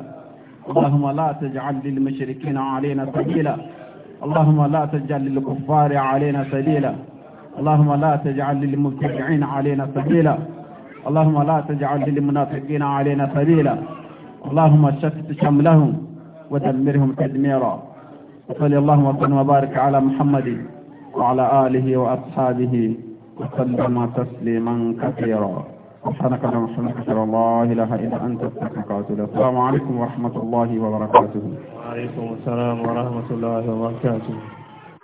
[SPEAKER 1] اللهم لا تجعل للمشركين علينا سبيلا اللهم لا تجعل للكفار علينا سبيلا اللهم لا تجعل للمبتدعين علينا سبيلا اللهم لا تجعل للمنافقين علينا سبيلا اللهم شتت شملهم ودمرهم تدميرا وصلي اللهم وسلم وبارك على محمد وعلى آله وأصحابه وسلم تسليما كثيرا سبحانك اللهم وبحمدك اشهد ان لا اله الا انت استغفرك واتوب اليك السلام عليكم ورحمه الله وبركاته وعليكم السلام ورحمه الله وبركاته